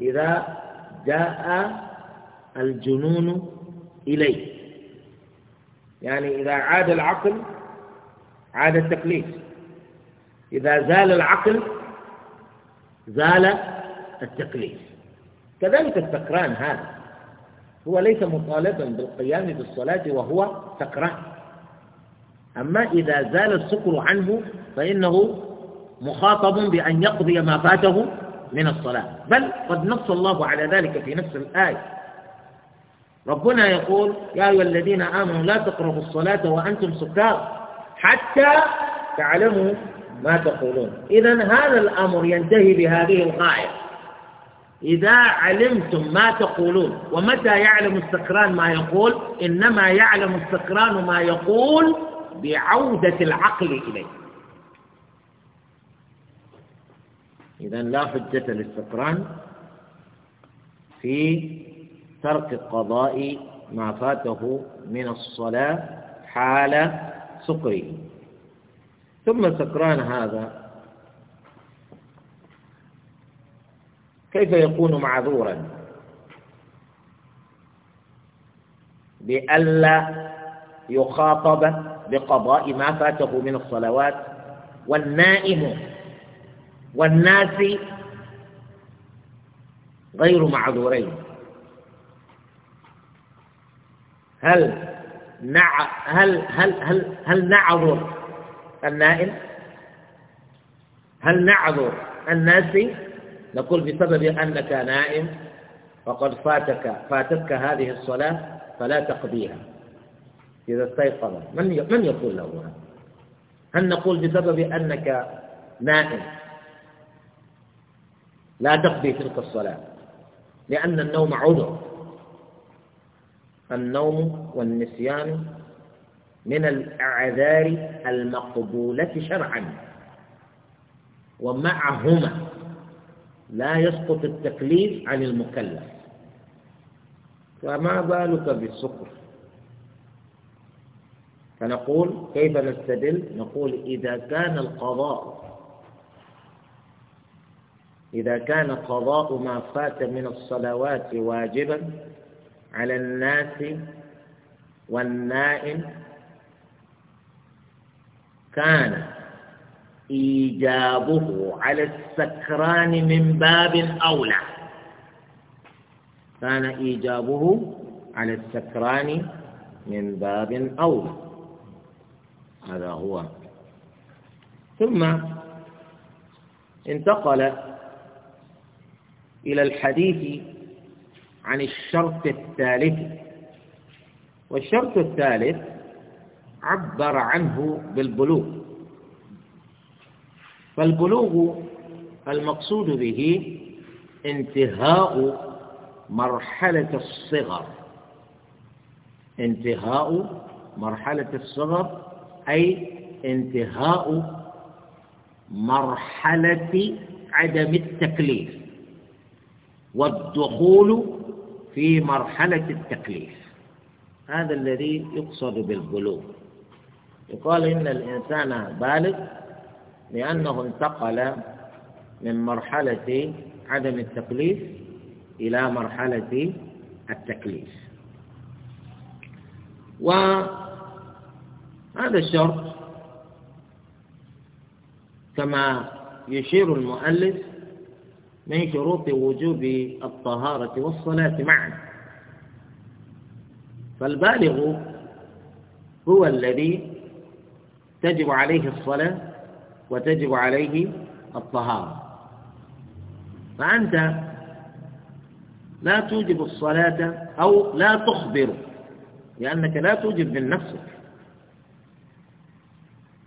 A: إذا جاء الجنون إليه يعني إذا عاد العقل عاد التكليف إذا زال العقل زال التكليف كذلك السكران هذا هو ليس مطالبا بالقيام بالصلاة وهو سكران أما إذا زال السكر عنه فإنه مخاطب بأن يقضي ما فاته من الصلاة بل قد نص الله على ذلك في نفس الآية ربنا يقول يا أيها الذين آمنوا لا تقربوا الصلاة وأنتم سكار حتى تعلموا ما تقولون إذا هذا الأمر ينتهي بهذه القاعدة إذا علمتم ما تقولون ومتى يعلم السكران ما يقول إنما يعلم السكران ما يقول بعودة العقل إليه إذا لا حجة للسكران في ترك القضاء ما فاته من الصلاة حال سكره ثم سكران هذا كيف يكون معذورا بألا يخاطب بقضاء ما فاته من الصلوات والنائم والناس غير معذورين هل نع هل هل هل هل نعذر النائم؟ هل نعذر الناس؟ نقول بسبب أنك نائم فقد فاتك فاتتك هذه الصلاة فلا تقضيها إذا استيقظ من من يقول له هذا؟ هل نقول بسبب أنك نائم لا تقضي تلك الصلاة لأن النوم عذر النوم والنسيان من الأعذار المقبولة شرعا ومعهما لا يسقط التكليف عن المكلف فما بالك بالسكر فنقول كيف نستدل نقول إذا كان القضاء إذا كان قضاء ما فات من الصلوات واجبا على الناس والنائم كان إيجابه على السكران من باب أولى كان إيجابه على السكران من باب أولى هذا هو ثم انتقل إلى الحديث عن الشرط الثالث والشرط الثالث عبر عنه بالبلوغ فالبلوغ المقصود به انتهاء مرحلة الصغر انتهاء مرحلة الصغر أي انتهاء مرحلة عدم التكليف والدخول في مرحلة التكليف هذا الذي يقصد بالبلوغ يقال إن الإنسان بالغ لأنه انتقل من مرحلة عدم التكليف إلى مرحلة التكليف وهذا الشرط كما يشير المؤلف من شروط وجوب الطهارة والصلاة معا فالبالغ هو الذي تجب عليه الصلاة وتجب عليه الطهارة فأنت لا توجب الصلاة أو لا تخبر لأنك لا توجب من نفسك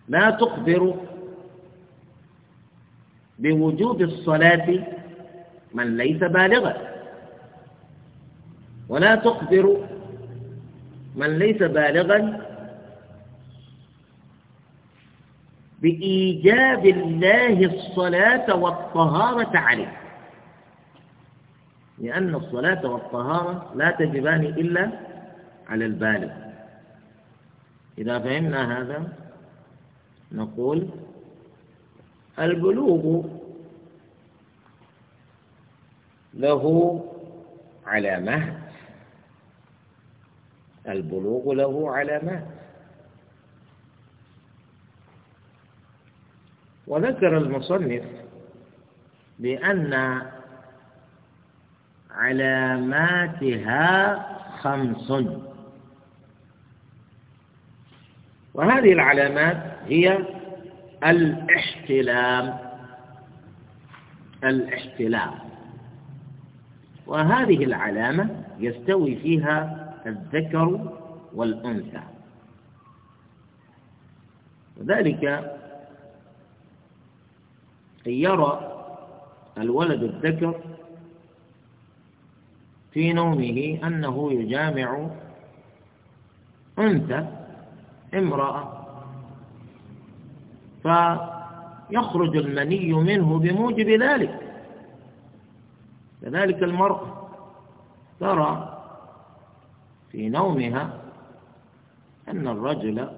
A: لا تخبر بوجوب الصلاة من ليس بالغا ولا تخبر من ليس بالغا بإيجاب الله الصلاة والطهارة عليه لأن الصلاة والطهارة لا تجبان إلا على البالغ إذا فهمنا هذا نقول البلوغ له علامات البلوغ له علامات وذكر المصنف بأن علاماتها خمس وهذه العلامات هي الاحتلام الاحتلام وهذه العلامة يستوي فيها الذكر والأنثى وذلك أن يرى الولد الذكر في نومه أنه يجامع أنثى امرأة فيخرج المني منه بموجب ذلك كذلك المرأة ترى في نومها أن الرجل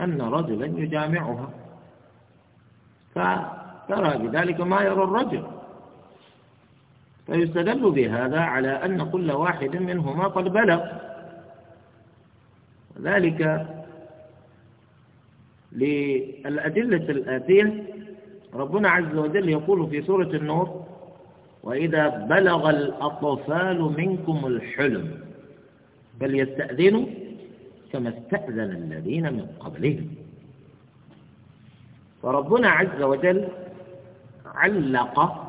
A: أن رجلا يجامعها فترى بذلك ما يرى الرجل فيستدل بهذا على أن كل واحد منهما قد بلغ ذلك للأدلة الآتية ربنا عز وجل يقول في سورة النور وإذا بلغ الأطفال منكم الحلم فليستأذنوا كما استأذن الذين من قبلهم فربنا عز وجل علق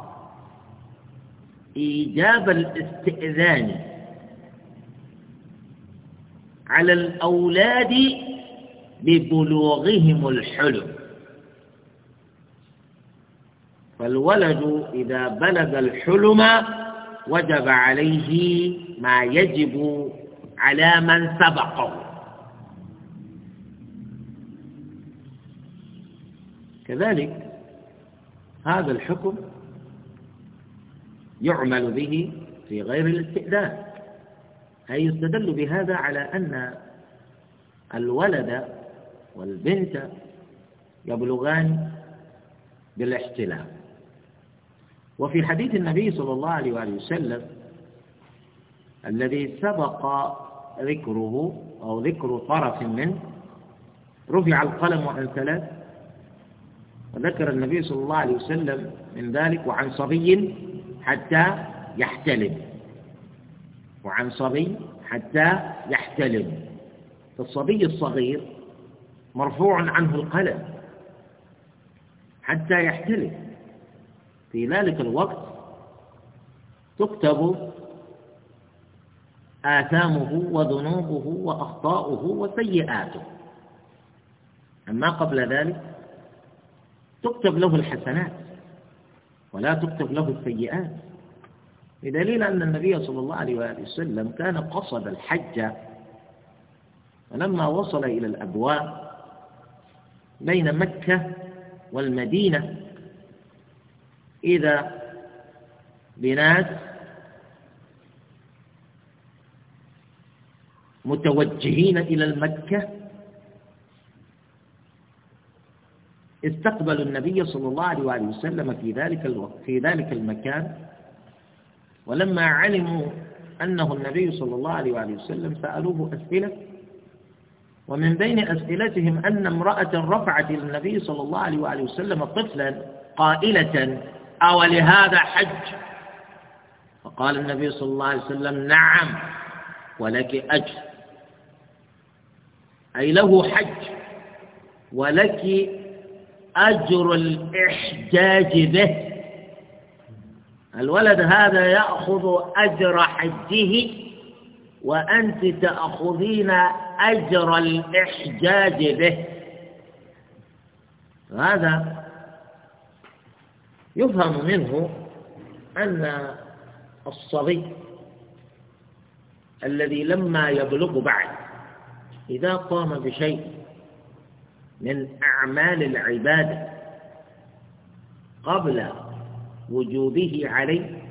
A: إيجاب الاستئذان على الأولاد ببلوغهم الحلم فالولد إذا بلغ الحلم وجب عليه ما يجب على من سبقه كذلك هذا الحكم يعمل به في غير الاستئذان أي يستدل بهذا على أن الولد والبنت يبلغان بالاحتلام وفي حديث النبي صلى الله عليه وآله وسلم الذي سبق ذكره أو ذكر طرف منه رفع القلم عن ثلاث وذكر النبي صلى الله عليه وسلم من ذلك وعن صبي حتى يحتلم وعن صبي حتى يحتلم فالصبي الصغير مرفوع عنه القلم حتى يحتلم في ذلك الوقت تكتب آثامه وذنوبه وأخطاؤه وسيئاته أما قبل ذلك تكتب له الحسنات ولا تكتب له السيئات بدليل أن النبي صلى الله عليه وآله وسلم كان قصد الحج ولما وصل إلى الأبواب بين مكة والمدينة إذا بناس متوجهين إلى المكة استقبلوا النبي صلى الله عليه وسلم في ذلك الوقت في ذلك المكان ولما علموا أنه النبي صلى الله عليه وسلم سألوه أسئلة ومن بين أسئلتهم أن امرأة رفعت للنبي صلى الله عليه وسلم طفلا قائلة أو لهذا حج فقال النبي صلى الله عليه وسلم نعم ولك أجر أي له حج ولك أجر الإحجاج به الولد هذا يأخذ أجر حجه وأنت تأخذين أجر الإحجاج به هذا يفهم منه أن الصبي الذي لما يبلغ بعد إذا قام بشيء من أعمال العبادة قبل وجوده عليه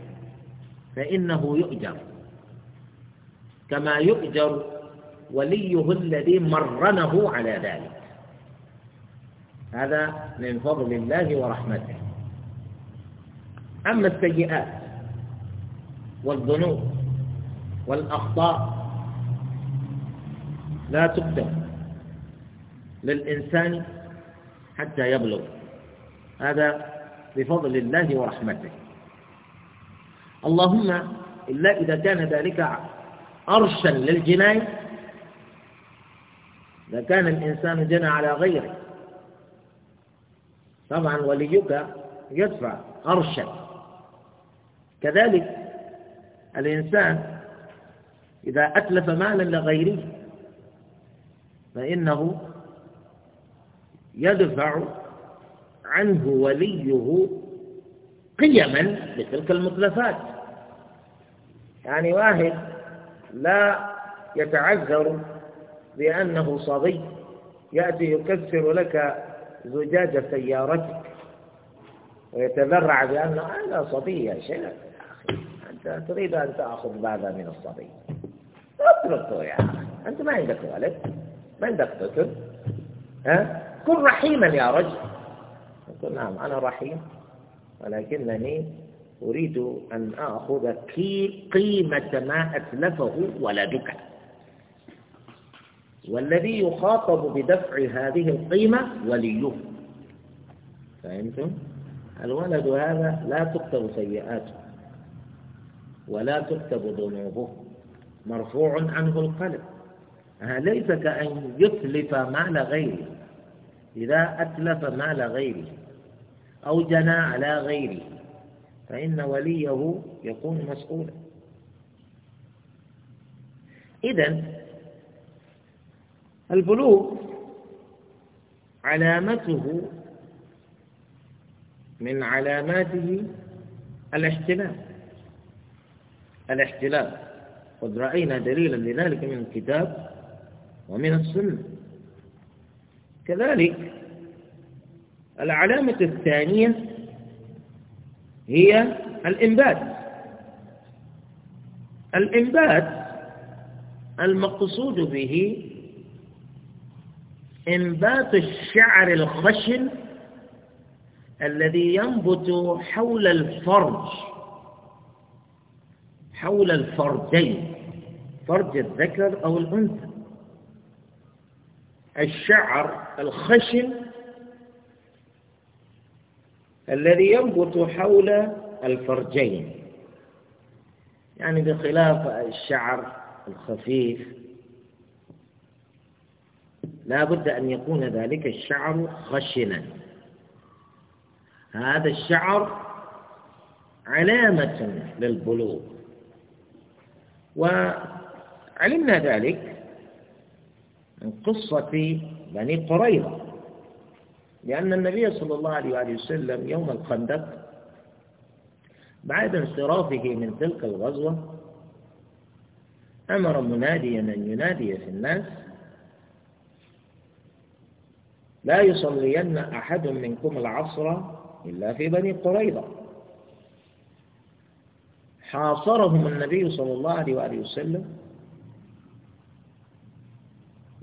A: فإنه يؤجر كما يؤجر وليه الذي مرنه على ذلك هذا من فضل الله ورحمته أما السيئات والذنوب والأخطاء لا تقدر للإنسان حتى يبلغ هذا بفضل الله ورحمته اللهم إلا إذا كان ذلك أرشا للجناية إذا كان الإنسان جنى على غيره طبعا وليك يدفع أرشا كذلك الإنسان إذا أتلف مالا لغيره فإنه يدفع عنه وليه قيما لتلك المتلفات يعني واحد لا يتعذر بأنه صبي يأتي يكسر لك زجاج سيارتك ويتذرع بأنه هذا صبي يا شيخ تريد أن تأخذ ماذا من الصبي اتركه يا أخي أنت ما عندك ولد ما عندك طفل ها كن رحيما يا رجل قلت نعم أنا رحيم ولكنني أريد أن أخذ قيمة ما أتلفه ولدك والذي يخاطب بدفع هذه القيمة وليه فهمتم؟ الولد هذا لا تكتب سيئاته ولا تكتب ذنوبه مرفوع عنه القلب آه، ليس كأن يتلف مال غيره إذا أتلف مال غيره أو جنى على غيره فإن وليه يكون مسؤولا إذا البلوغ علامته من علاماته الاحتلال الاحتلال قد رأينا دليلا لذلك من الكتاب ومن السنة كذلك العلامة الثانية هي الإنبات الإنبات المقصود به إنبات الشعر الخشن الذي ينبت حول الفرج حول الفرجين فرج الذكر أو الأنثى الشعر الخشن الذي ينبت حول الفرجين يعني بخلاف الشعر الخفيف لا بد أن يكون ذلك الشعر خشنا هذا الشعر علامة للبلوغ وعلمنا ذلك من قصة بني قريظة لأن النبي صلى الله عليه وآله وسلم يوم الخندق بعد انصرافه من تلك الغزوة أمر مناديا أن ينادي في الناس لا يصلين أحد منكم العصر إلا في بني قريظة حاصرهم النبي صلى الله عليه وآله وسلم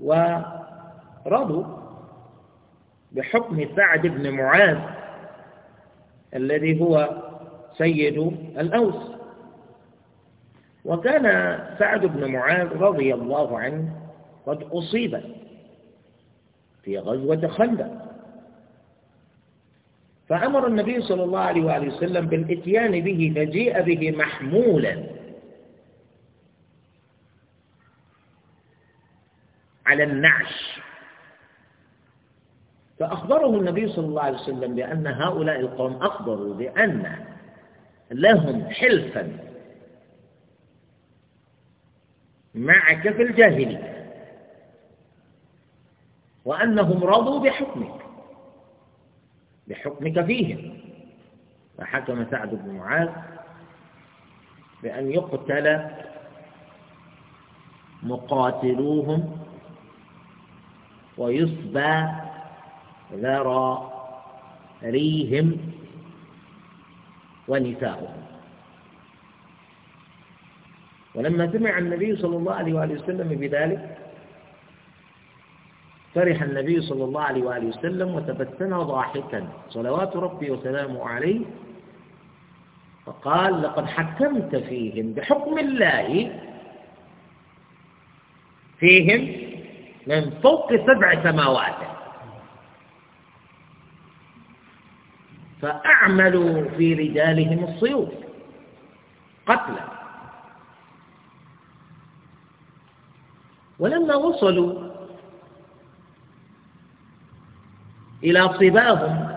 A: ورضوا بحكم سعد بن معاذ الذي هو سيد الأوس وكان سعد بن معاذ رضي الله عنه قد أصيب في غزوة خندق فأمر النبي صلى الله عليه وآله وسلم بالإتيان به فجيء به محمولا على النعش فأخبره النبي صلى الله عليه وسلم بأن هؤلاء القوم أخبروا بأن لهم حلفا معك في الجاهلية وأنهم رضوا بحكمك بحكمك فيهم فحكم سعد بن معاذ بأن يقتل مقاتلوهم ويصبى ذراريهم ونساؤهم ولما سمع النبي صلى الله عليه وآله وسلم بذلك فرح النبي صلى الله عليه وآله وسلم وتبتنى ضاحكا صلوات ربي وسلامه عليه فقال لقد حكمت فيهم بحكم الله فيهم من فوق سبع سماوات فأعملوا في رجالهم الصيوف قتلا ولما وصلوا إلى صباهم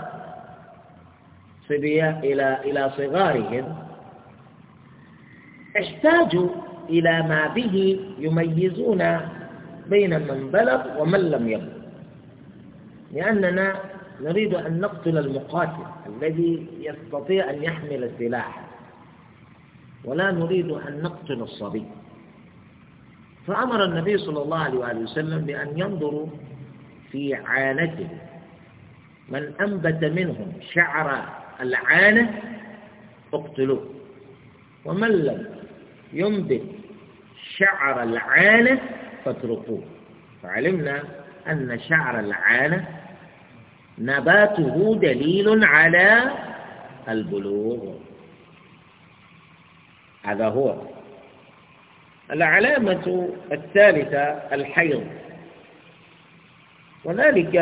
A: صبية إلى إلى صغارهم احتاجوا إلى ما به يميزون بين من بلغ ومن لم يبلغ لأننا نريد أن نقتل المقاتل الذي يستطيع أن يحمل السلاح ولا نريد أن نقتل الصبي فأمر النبي صلى الله عليه وسلم بأن ينظروا في عانته من أنبت منهم شعر العانة اقتلوه ومن لم ينبت شعر العانة فاتركوه فعلمنا أن شعر العانة نباته دليل على البلوغ هذا هو العلامة الثالثة الحيض وذلك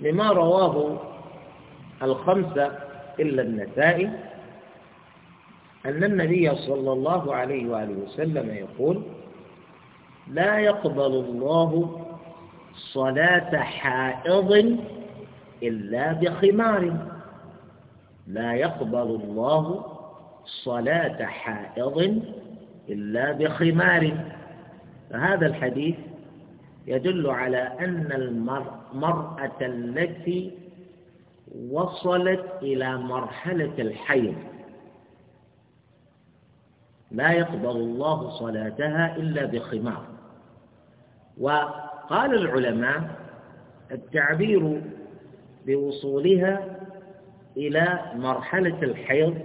A: لما رواه الخمسة إلا النساء أن النبي صلى الله عليه وآله وسلم يقول لا يقبل الله صلاة حائض إلا بخمار لا يقبل الله صلاة حائض إلا بخمار فهذا الحديث يدل على أن المرأة التي وصلت إلى مرحلة الحيض لا يقبل الله صلاتها إلا بخمار وقال العلماء التعبير بوصولها إلى مرحلة الحيض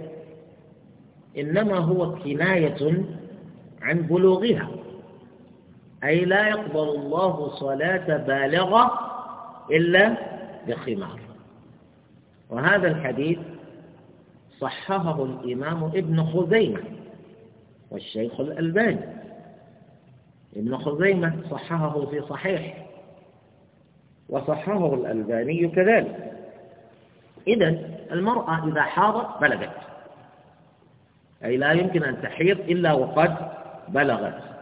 A: إنما هو كناية عن بلوغها أي لا يقبل الله صلاة بالغة إلا بخمار وهذا الحديث صححه الإمام ابن خزيمة والشيخ الألباني ابن خزيمة صححه في صحيح وصححه الألباني كذلك إذا المرأة إذا حاضت بلغت أي لا يمكن أن تحيض إلا وقد بلغت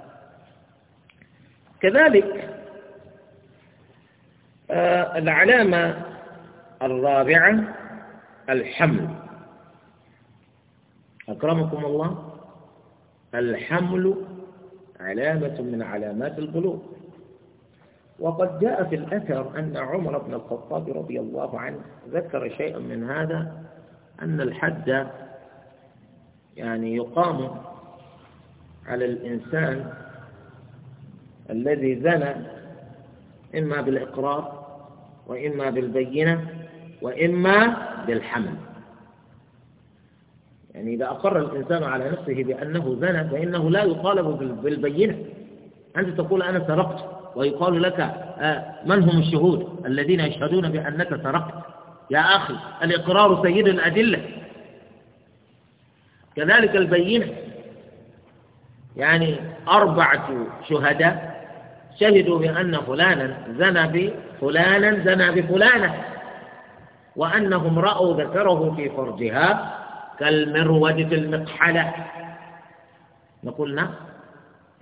A: كذلك آه، العلامة الرابعة الحمل أكرمكم الله الحمل علامة من علامات البلوغ وقد جاء في الأثر أن عمر بن الخطاب رضي الله عنه ذكر شيئا من هذا أن الحد يعني يقام على الإنسان الذي زنى إما بالإقرار وإما بالبينة وإما بالحمل يعني إذا أقر الإنسان على نفسه بأنه زنى فإنه لا يطالب بالبينة أنت تقول أنا سرقت ويقال لك آه، من هم الشهود الذين يشهدون بأنك سرقت يا أخي الإقرار سيد الأدلة كذلك البينة يعني أربعة شهداء شهدوا بأن فلانا زنى بفلانا زنى بفلانة وأنهم رأوا ذكره في فرجها كالمرود في المقحلة نقولنا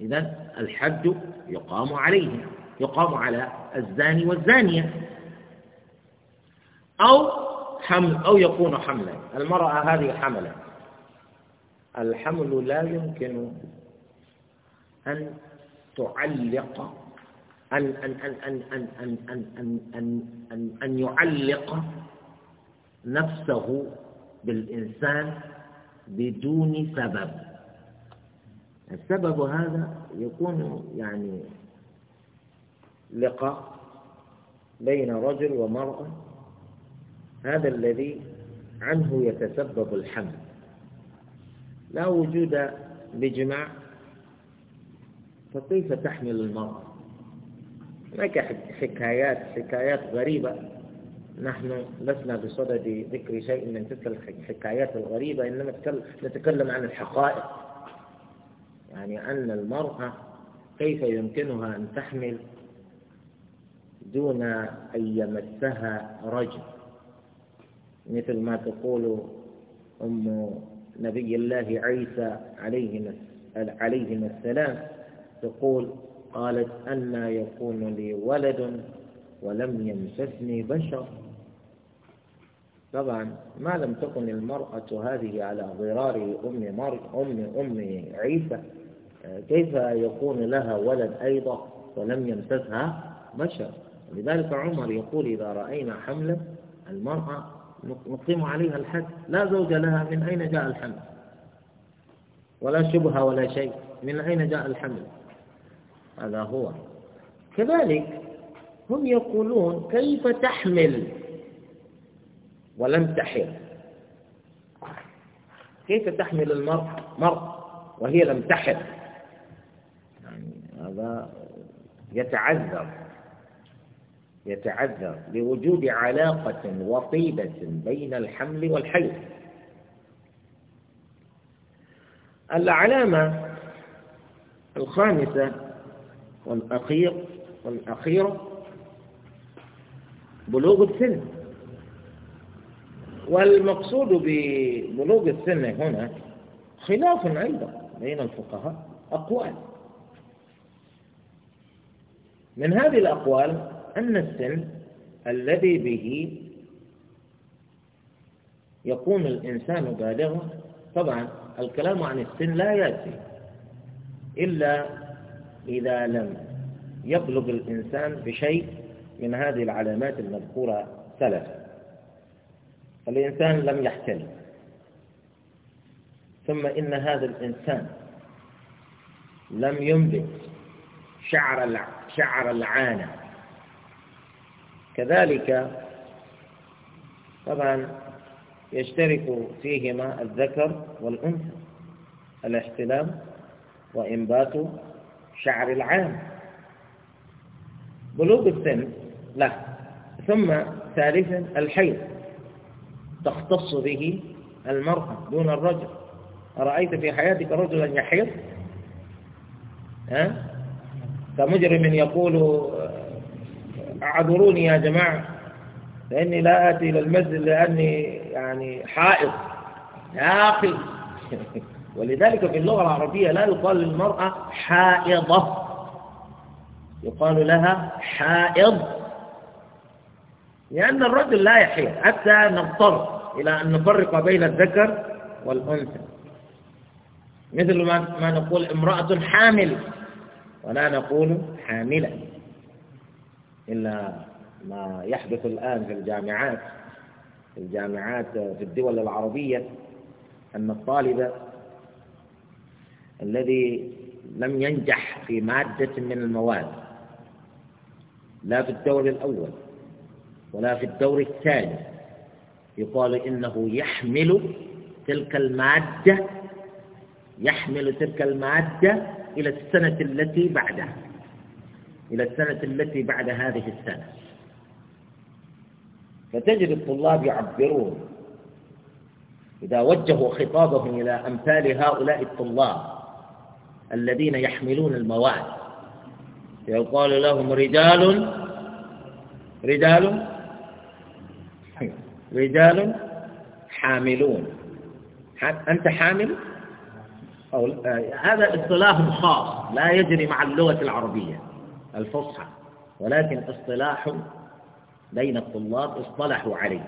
A: إذا الحد يقام عليه يقام على الزاني والزانية أو حمل أو يكون حملا المرأة هذه حملة الحمل لا يمكن أن تعلق أن أن أن أن أن أن أن أن أن أن أن يعلق نفسه بالإنسان بدون سبب السبب هذا يكون يعني لقاء بين رجل ومرأة هذا الذي عنه يتسبب الحمل لا وجود بجماع فكيف تحمل المرأة هناك حكايات حكايات غريبة نحن لسنا بصدد ذكر شيء من تلك الحكايات الغريبة إنما نتكلم عن الحقائق يعني أن المرأة كيف يمكنها أن تحمل دون أن يمسها رجل مثل ما تقول أم نبي الله عيسى عليه عليهما السلام تقول قالت أنا يكون لي ولد ولم يمسسني بشر طبعا ما لم تكن المرأة هذه على ضرار أم مر... أم أم عيسى كيف يكون لها ولد أيضا ولم يمسسها بشر لذلك عمر يقول إذا رأينا حملا المرأة نقيم عليها الحد لا زوج لها من أين جاء الحمل ولا شبهة ولا شيء من أين جاء الحمل هذا هو كذلك هم يقولون كيف تحمل ولم تحل كيف تحمل المرء مرء وهي لم تحل يعني هذا يتعذر يتعذر لوجود علاقة وطيدة بين الحمل والحيض العلامة الخامسة والأخير والأخيرة بلوغ السن والمقصود ببلوغ السن هنا خلاف أيضا بين الفقهاء أقوال من هذه الأقوال أن السن الذي به يكون الإنسان بالغا طبعا الكلام عن السن لا يأتي إلا إذا لم يبلغ الإنسان بشيء من هذه العلامات المذكورة سلفا فالإنسان لم يحتل ثم إن هذا الإنسان لم ينبت شعر شعر العانة كذلك طبعا يشترك فيهما الذكر والأنثى الاحتلام وإنبات شعر العام بلوغ السن لا ثم ثالثا الحيض تختص به المرأة دون الرجل أرأيت في حياتك رجلا يحيض ها كمجرم يقول اعذروني يا جماعة فإني لا آتي إلى المسجد لأني يعني حائض يا أخي [laughs] ولذلك في اللغة العربية لا يقال للمرأة حائضة يقال لها حائض لأن الرجل لا يحيض حتى نضطر إلى أن نفرق بين الذكر والأنثى مثل ما نقول امرأة حامل ولا نقول حاملة إلا ما يحدث الآن في الجامعات في الجامعات في الدول العربية أن الطالبة الذي لم ينجح في مادة من المواد لا في الدور الأول ولا في الدور الثاني يقال إنه يحمل تلك المادة يحمل تلك المادة إلى السنة التي بعدها إلى السنة التي بعد هذه السنة فتجد الطلاب يعبرون إذا وجهوا خطابهم إلى أمثال هؤلاء الطلاب الذين يحملون المواد يقال لهم رجال رجال رجال حاملون أنت حامل؟ أو هذا اصطلاح خاص لا يجري مع اللغة العربية الفصحى ولكن اصطلاح بين الطلاب اصطلحوا عليه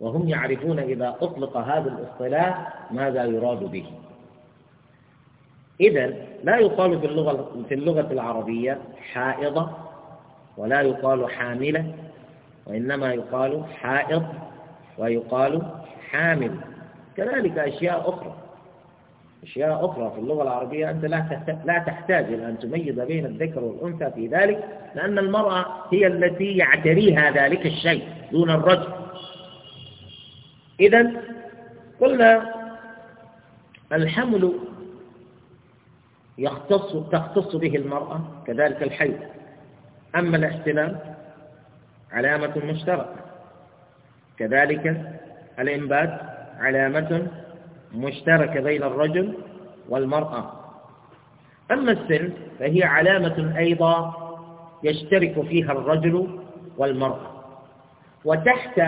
A: وهم يعرفون إذا أطلق هذا الاصطلاح ماذا يراد به إذا لا يقال في اللغة في اللغة العربية حائضة ولا يقال حاملة وإنما يقال حائض ويقال حامل كذلك أشياء أخرى أشياء أخرى في اللغة العربية أنت لا لا تحتاج إلى أن تميز بين الذكر والأنثى في ذلك لأن المرأة هي التي يعتريها ذلك الشيء دون الرجل إذا قلنا الحمل يختص تختص به المرأة كذلك الحيض أما الاحتلام علامة مشتركة كذلك الإنبات علامة مشتركة بين الرجل والمرأة أما السن فهي علامة أيضا يشترك فيها الرجل والمرأة وتحت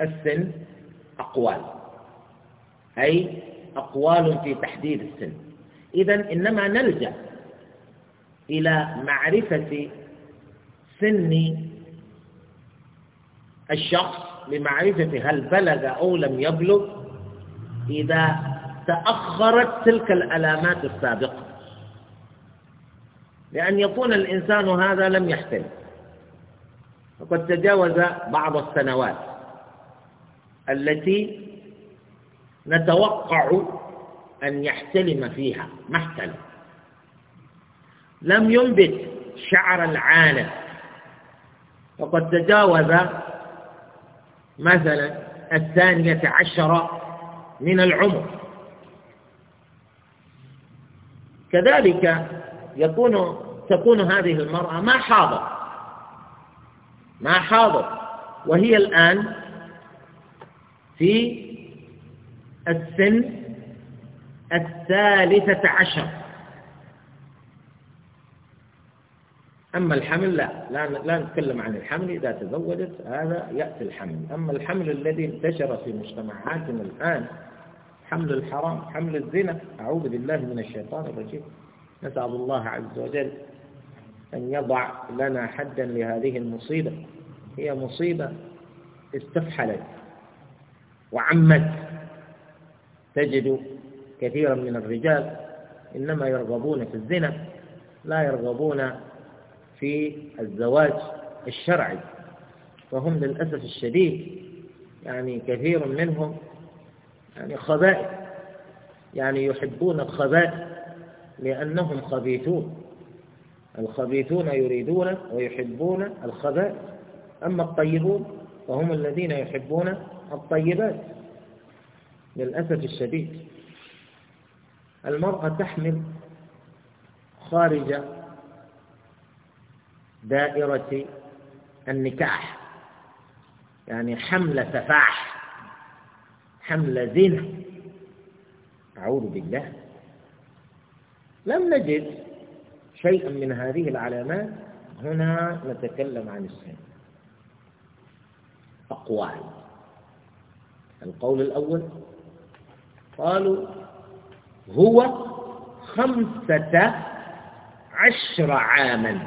A: السن أقوال أي أقوال في تحديد السن إذا إنما نلجأ إلى معرفة سن الشخص لمعرفة هل بلغ أو لم يبلغ إذا تأخرت تلك الألامات السابقة لأن يكون الإنسان هذا لم يحتل وقد تجاوز بعض السنوات التي نتوقع أن يحتلم فيها ما احتلم لم ينبت شعر العالم وقد تجاوز مثلا الثانية عشرة من العمر كذلك يكون تكون هذه المرأة ما حاضر ما حاضر وهي الآن في السن الثالثة عشر أما الحمل لا لا, لا نتكلم عن الحمل إذا تزوجت هذا يأتي الحمل أما الحمل الذي انتشر في مجتمعاتنا الآن حمل الحرام حمل الزنا أعوذ بالله من الشيطان الرجيم نسأل الله عز وجل أن يضع لنا حدا لهذه المصيبة هي مصيبة استفحلت وعمت تجد كثيرا من الرجال إنما يرغبون في الزنا لا يرغبون في الزواج الشرعي وهم للأسف الشديد يعني كثير منهم يعني خبائث يعني يحبون الخبائث لأنهم خبيثون الخبيثون يريدون ويحبون الخبائث أما الطيبون فهم الذين يحبون الطيبات للأسف الشديد المرأة تحمل خارج دائرة النكاح يعني حمل سفاح حمل زنا أعوذ بالله لم نجد شيئا من هذه العلامات هنا نتكلم عن السنة أقوال القول الأول قالوا هو خمسة عشر عاما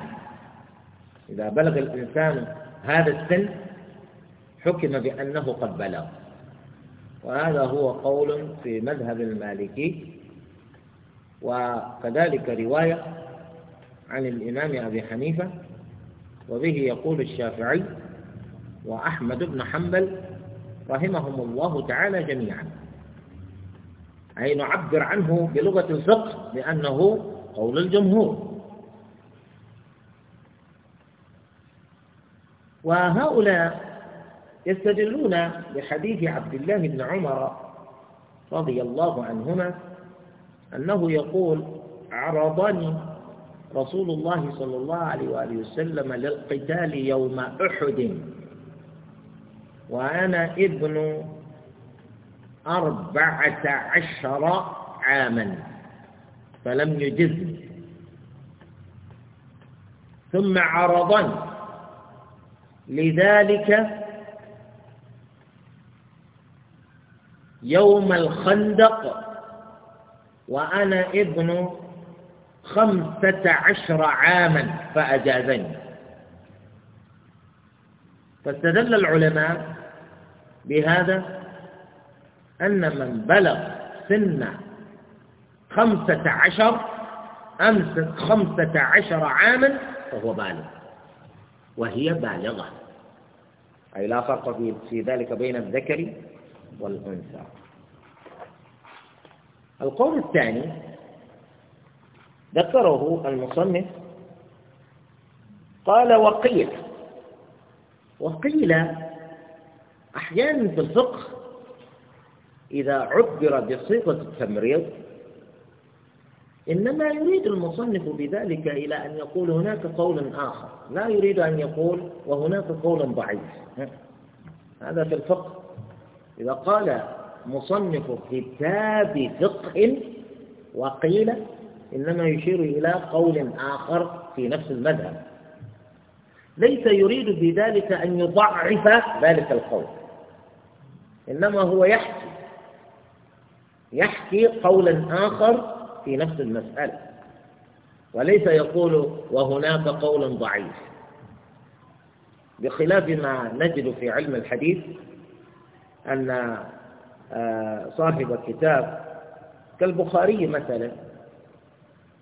A: إذا بلغ الإنسان هذا السن حكم بأنه قد بلغ وهذا هو قول في مذهب المالكي وكذلك رواية عن الإمام أبي حنيفة وبه يقول الشافعي وأحمد بن حنبل رحمهم الله تعالى جميعاً أي نعبر عنه بلغة الفقه لأنه قول الجمهور وهؤلاء يستدلون بحديث عبد الله بن عمر رضي الله عنهما أنه يقول عرضني رسول الله صلى الله عليه وآله وسلم للقتال يوم أحد وأنا ابن أربعة عشر عاما فلم يجز ثم عرضا لذلك يوم الخندق وأنا ابن خمسة عشر عاما فأجازني فاستدل العلماء بهذا أن من بلغ سن خمسة عشر أمسك خمسة عشر عاما فهو بالغ وهي بالغة أي لا فرق في ذلك بين الذكر والأنثى القول الثاني ذكره المصنف قال وقيل وقيل أحيانا في الفقه إذا عبر بصيغة التمريض إنما يريد المصنف بذلك إلى أن يقول هناك قول آخر لا يريد أن يقول وهناك قول ضعيف هذا في الفقه إذا قال مصنف كتاب فقه وقيل إنما يشير إلى قول آخر في نفس المذهب ليس يريد بذلك أن يضعف ذلك القول إنما هو يحكي يحكي قولا آخر في نفس المسألة وليس يقول وهناك قول ضعيف بخلاف ما نجد في علم الحديث أن آه، صاحب الكتاب كالبخاري مثلا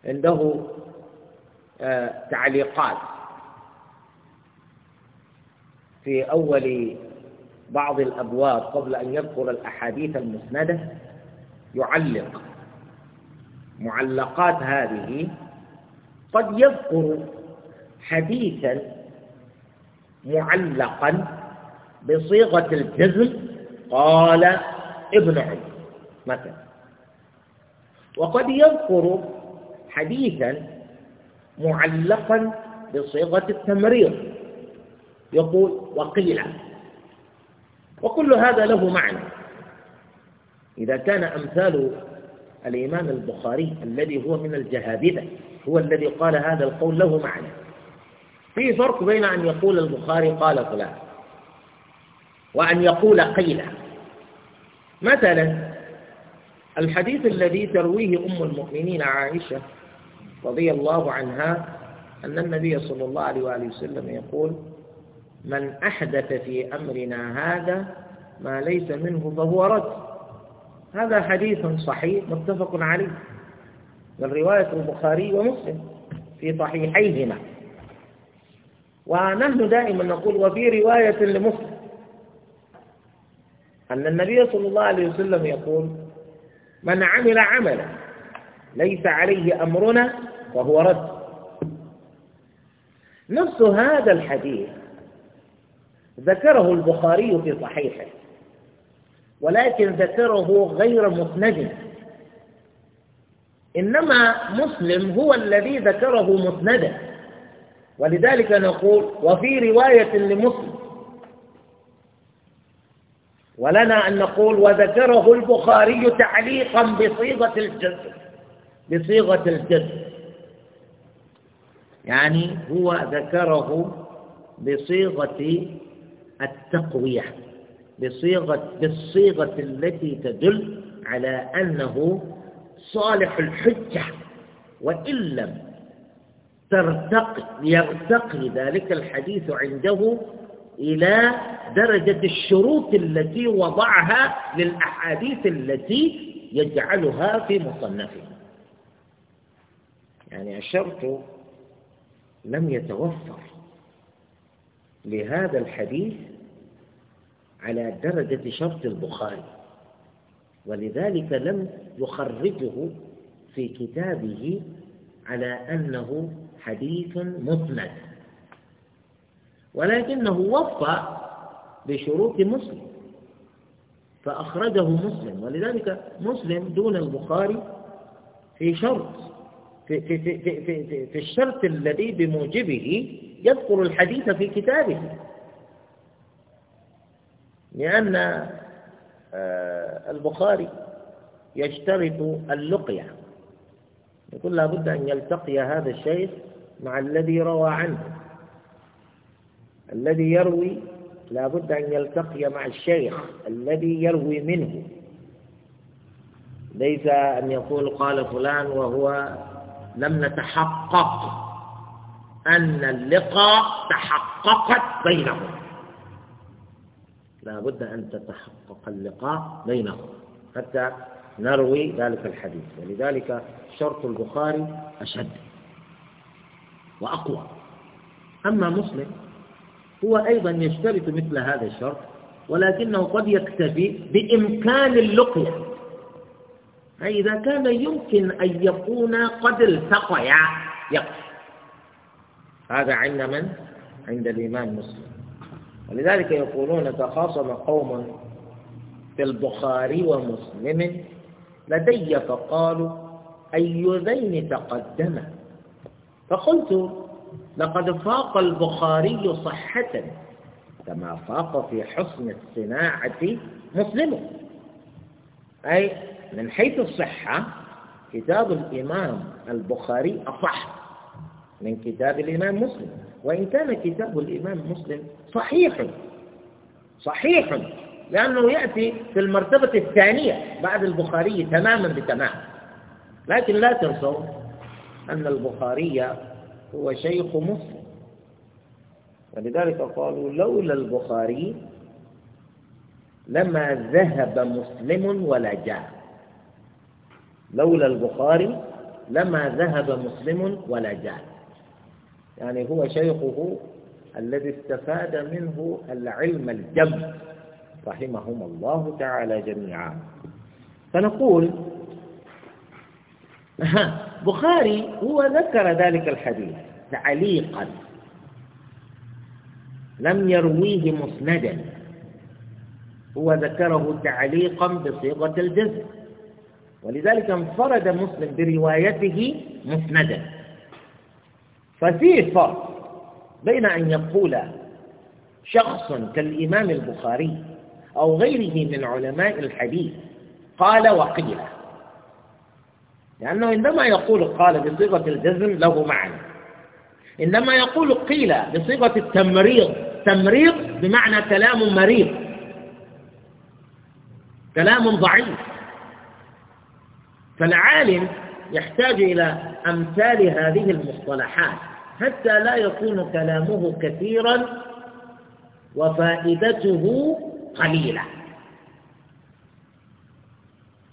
A: عنده آه، تعليقات في أول بعض الأبواب قبل أن يذكر الأحاديث المسندة يعلق معلقات هذه قد يذكر حديثا معلقا بصيغة الجزم قال ابن عمر مثلا وقد يذكر حديثا معلقا بصيغة التمرير يقول وقيل وكل هذا له معنى إذا كان أمثال الإمام البخاري الذي هو من الجهابذة هو الذي قال هذا القول له معنى في فرق بين أن يقول البخاري قال فلان وأن يقول قيل مثلا الحديث الذي ترويه أم المؤمنين عائشة رضي الله عنها أن النبي صلى الله عليه وآله وسلم يقول من أحدث في أمرنا هذا ما ليس منه فهو رد هذا حديث صحيح متفق عليه من رواية البخاري ومسلم في صحيحيهما ونحن دائما نقول وفي رواية لمسلم أن النبي صلى الله عليه وسلم يقول من عمل عملا ليس عليه أمرنا فهو رد نفس هذا الحديث ذكره البخاري في صحيحه ولكن ذكره غير مسند إنما مسلم هو الذي ذكره مسندا ولذلك نقول وفي رواية لمسلم ولنا أن نقول وذكره البخاري تعليقا بصيغة الجد بصيغة الجد يعني هو ذكره بصيغة التقوية بصيغة, بالصيغة التي تدل على أنه صالح الحجة وإن لم ترتقي يرتقي ذلك الحديث عنده إلى درجة الشروط التي وضعها للأحاديث التي يجعلها في مصنفه يعني الشرط لم يتوفر لهذا الحديث على درجة شرط البخاري ولذلك لم يخرجه في كتابه على أنه حديث مسند ولكنه وفى بشروط مسلم فأخرجه مسلم ولذلك مسلم دون البخاري في شرط في, في, في, في, في, في الشرط الذي بموجبه يذكر الحديث في كتابه لأن آه، البخاري يشترط اللقية يقول لابد أن يلتقي هذا الشيخ مع الذي روى عنه الذي يروي لابد أن يلتقي مع الشيخ الذي يروي منه ليس أن يقول قال فلان وهو لم نتحقق أن اللقاء تحققت بينهم لابد أن تتحقق اللقاء بينهم حتى نروي ذلك الحديث ولذلك شرط البخاري أشد وأقوى أما مسلم هو أيضا يشترط مثل هذا الشرط ولكنه قد يكتفي بإمكان اللقيا أي إذا كان يمكن أن يكون قد التقيا يكفي هذا عند من؟ عند الإمام مسلم ولذلك يقولون تخاصم قوم في البخاري ومسلم لدي فقالوا أي ذين تقدم فقلت لقد فاق البخاري صحة كما فاق في حسن الصناعة مسلم أي من حيث الصحة كتاب الإمام البخاري أصح من كتاب الإمام مسلم وإن كان كتاب الإمام مسلم صحيح صحيح لأنه يأتي في المرتبة الثانية بعد البخاري تماما بتمام لكن لا تنسوا أن البخاري هو شيخ مسلم ولذلك قالوا لولا البخاري لما ذهب مسلم ولا جاء لولا البخاري لما ذهب مسلم ولا جاء يعني هو شيخه الذي استفاد منه العلم الجم رحمهم الله تعالى جميعا فنقول بخاري هو ذكر ذلك الحديث تعليقا لم يرويه مسندا هو ذكره تعليقا بصيغة الجزء ولذلك انفرد مسلم بروايته مسندا ففيه فرق بين أن يقول شخص كالإمام البخاري أو غيره من علماء الحديث قال وقيل لأنه عندما يقول قال بصيغة الجزم له معنى عندما يقول قيل بصيغة التمريض تمريض بمعنى كلام مريض كلام ضعيف فالعالم يحتاج إلى أمثال هذه المصطلحات حتى لا يكون كلامه كثيرا وفائدته قليلة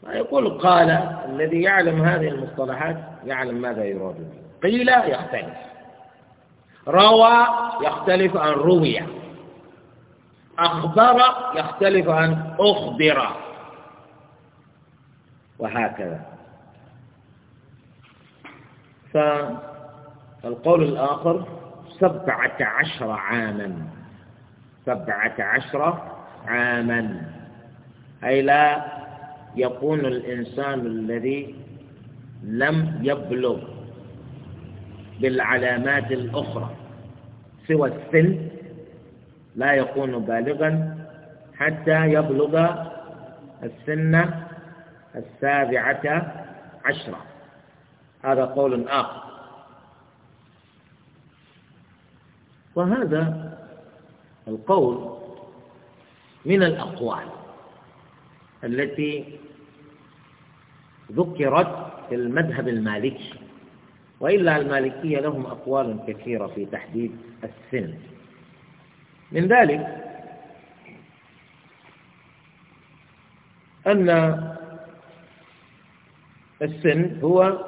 A: فيقول قال الذي يعلم هذه المصطلحات يعلم ماذا يراد قيل يختلف روى يختلف عن روي أخبر يختلف عن أخبر وهكذا ف القول الآخر سبعة عشر عاما سبعة عشر عاما أي لا يكون الإنسان الذي لم يبلغ بالعلامات الأخرى سوى السن لا يكون بالغا حتى يبلغ السن السابعة عشرة هذا قول آخر فهذا القول من الأقوال التي ذكرت في المذهب المالكي وإلا المالكية لهم أقوال كثيرة في تحديد السن من ذلك أن السن هو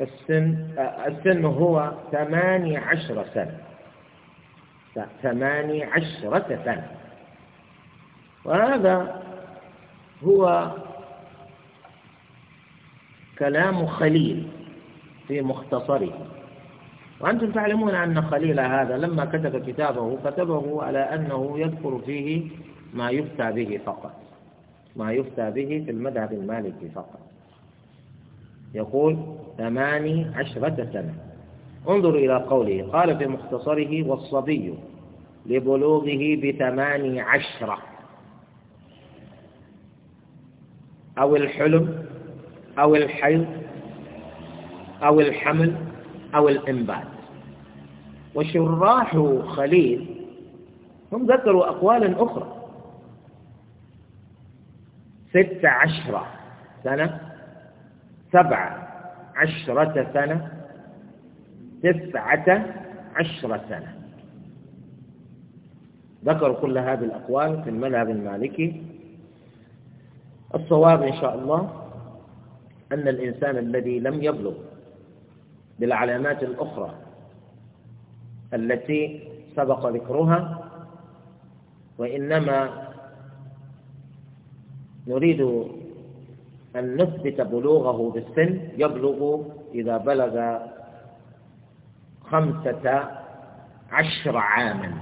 A: السن السن هو ثماني عشر سنة ثماني عشرة سنة وهذا هو كلام خليل في مختصره وأنتم تعلمون أن خليل هذا لما كتب كتابه كتبه على أنه يذكر فيه ما يفتى به فقط ما يفتى به في المذهب المالكي فقط يقول ثماني عشرة سنة انظر إلى قوله قال في مختصره والصبي لبلوغه بثماني عشرة أو الحلم أو الحيض أو الحمل أو الإنبات وشراح خليل هم ذكروا أقوالا أخرى ست عشرة سنة سبعة عشرة سنة تسعة عشر سنة ذكروا كل هذه الأقوال في المذهب المالكي الصواب إن شاء الله أن الإنسان الذي لم يبلغ بالعلامات الأخرى التي سبق ذكرها وإنما نريد أن نثبت بلوغه بالسن يبلغ إذا بلغ خمسة عشر عاما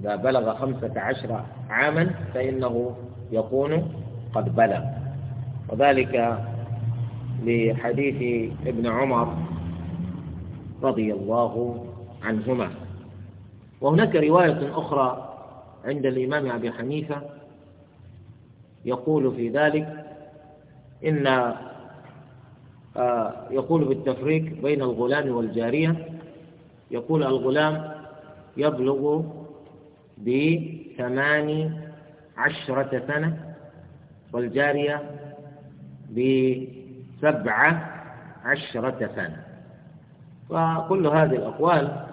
A: إذا بلغ خمسة عشر عاما فإنه يكون قد بلغ وذلك لحديث ابن عمر رضي الله عنهما وهناك رواية أخرى عند الإمام أبي حنيفة يقول في ذلك إن آه، يقول بالتفريق بين الغلام والجارية يقول الغلام يبلغ بثمان عشرة سنة والجارية بسبعة عشرة سنة وكل هذه الأقوال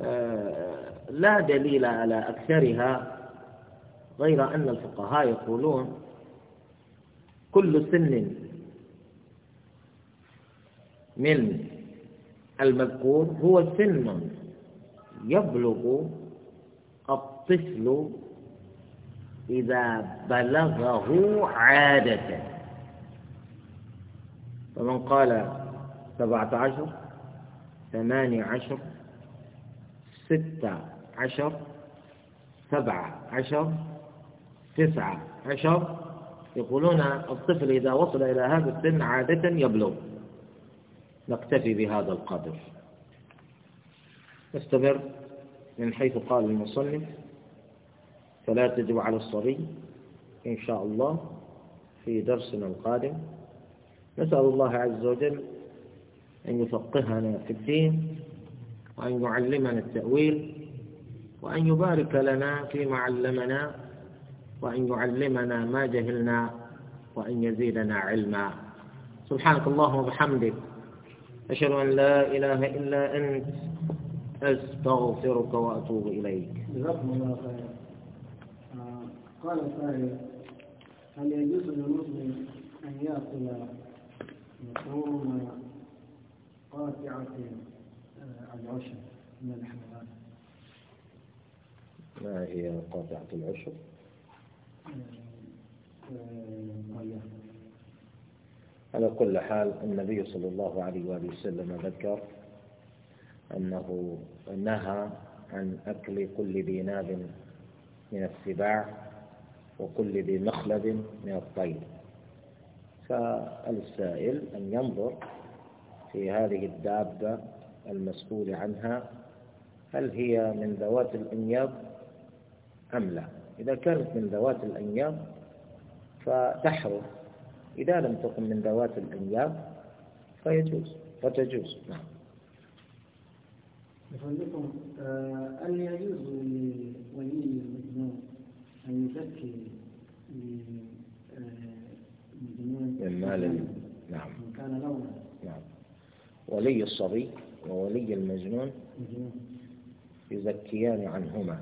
A: آه، لا دليل على أكثرها غير أن الفقهاء يقولون كل سن من المذكور هو سن يبلغ الطفل إذا بلغه عادة فمن قال سبعة عشر ثمانية عشر ستة عشر سبعة عشر تسعة عشر يقولون الطفل إذا وصل إلى هذا السن عادة يبلغ نكتفي بهذا القدر نستمر من حيث قال المصنف فلا تجب على الصبي إن شاء الله في درسنا القادم نسأل الله عز وجل أن يفقهنا في الدين وأن يعلمنا التأويل وأن يبارك لنا فيما علمنا وأن يعلمنا ما جهلنا وأن يزيدنا علما سبحانك اللهم وبحمدك أشهد أن لا إله إلا أنت أستغفرك وأتوب إليك جزاكم الله خيرا آه، قال سائل هل يجوز للمسلم أن يأكل لحوم قاطعة آه، العشر من الحيوان ما هي قاطعة العشر؟ آه، على كل حال النبي صلى الله عليه وآله وسلم ذكر أنه نهى عن أكل كل ذي ناب من السباع وكل ذي مخلب من الطير فالسائل أن ينظر في هذه الدابة المسؤول عنها هل هي من ذوات الأنياب أم لا إذا كانت من ذوات الأنياب فتحرم إذا لم تكن من ذوات الأنياب فيجوز فتجوز نعم لكم أن آه، يجوز لولي المجنون أن يزكي المجنون من مال نعم كان له نعم ولي الصبي وولي المجنون يزكيان عنهما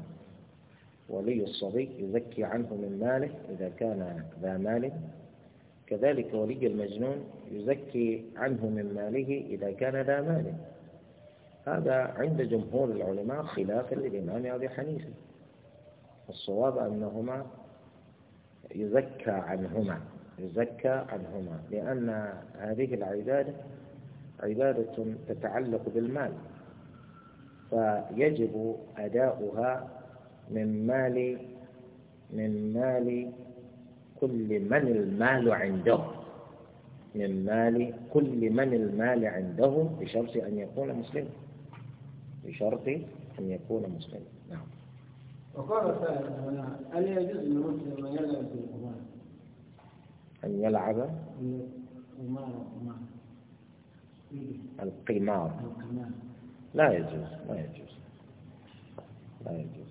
A: ولي الصبي يزكي عنه من ماله إذا كان ذا مال كذلك ولي المجنون يزكي عنه من ماله إذا كان لا مال هذا عند جمهور العلماء خلافا للإمام أبي حنيفة الصواب أنهما يزكى عنهما يزكى عنهما لأن هذه العبادة عبادة تتعلق بالمال فيجب أداؤها من مال من مال كل من المال عنده من مال كل من المال عنده بشرط أن يكون مسلما بشرط أن يكون مسلما نعم وقال سائل هنا هل يجوز للمسلم أن يلعب في القمار؟ أن يلعب القمار لا يجوز لا يجوز لا يجوز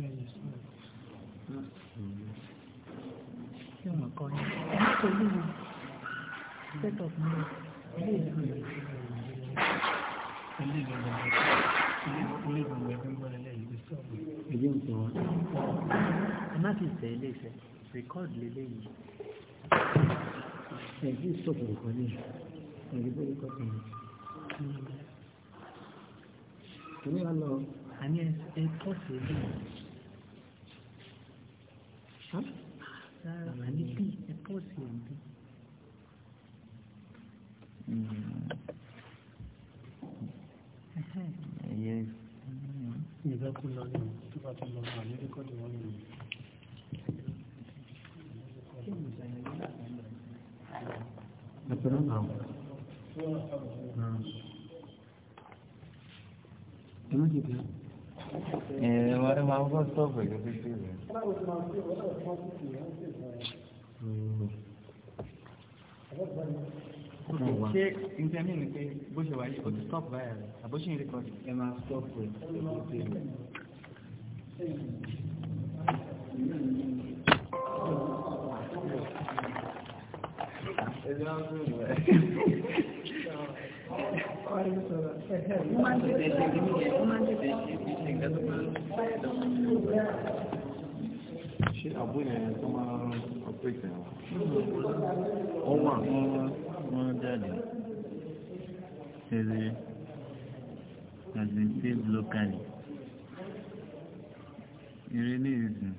A: Èyí ń sọ wọn. Ẹ má fi tẹ̀ ilé ìfẹ́, rìkọ́ọ̀dù lélẹ́yìí. Ẹ̀jú ìṣòfò ìkọ́lé, ẹ̀rí bóyá kọ́kọ́ mi ní ọlọ àní ẹ̀kọ́ sí ilé Huh? Uh, vanity, apportionment. Yes. समझ गया ẹ wọn máa ń fọ sọọbù ẹgbẹ pípé rẹ. ṣé ìtẹ́mí ni pé bó ṣe wáyé o ti stop báyà rẹ àbóṣe ìrìkọ́dì ẹ máa stop rẹ pípé rẹ ṣe àbúrò ẹ̀ tó máa ń ọ̀pẹ́tẹ̀ wọn wà wọ́n jáde ṣẹlẹ̀ has been saved locally ìrẹ́lẹ̀ ìsìn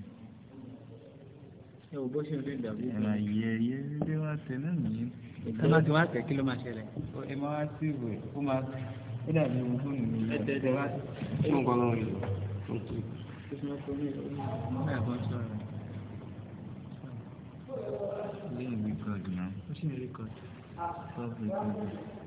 A: ẹwọ bó ṣe lè dàbí ẹ̀rọ yẹ yẹ lé wá tẹ náà nìyẹn ẹ máa ti wá tẹ kí ló máa ṣẹlẹ̀. ẹ máa wá sí ìwé ó máa ó dàbí ohun tó nù mí ẹ tẹ wá sí nǹkan náà rẹ.
B: Ilé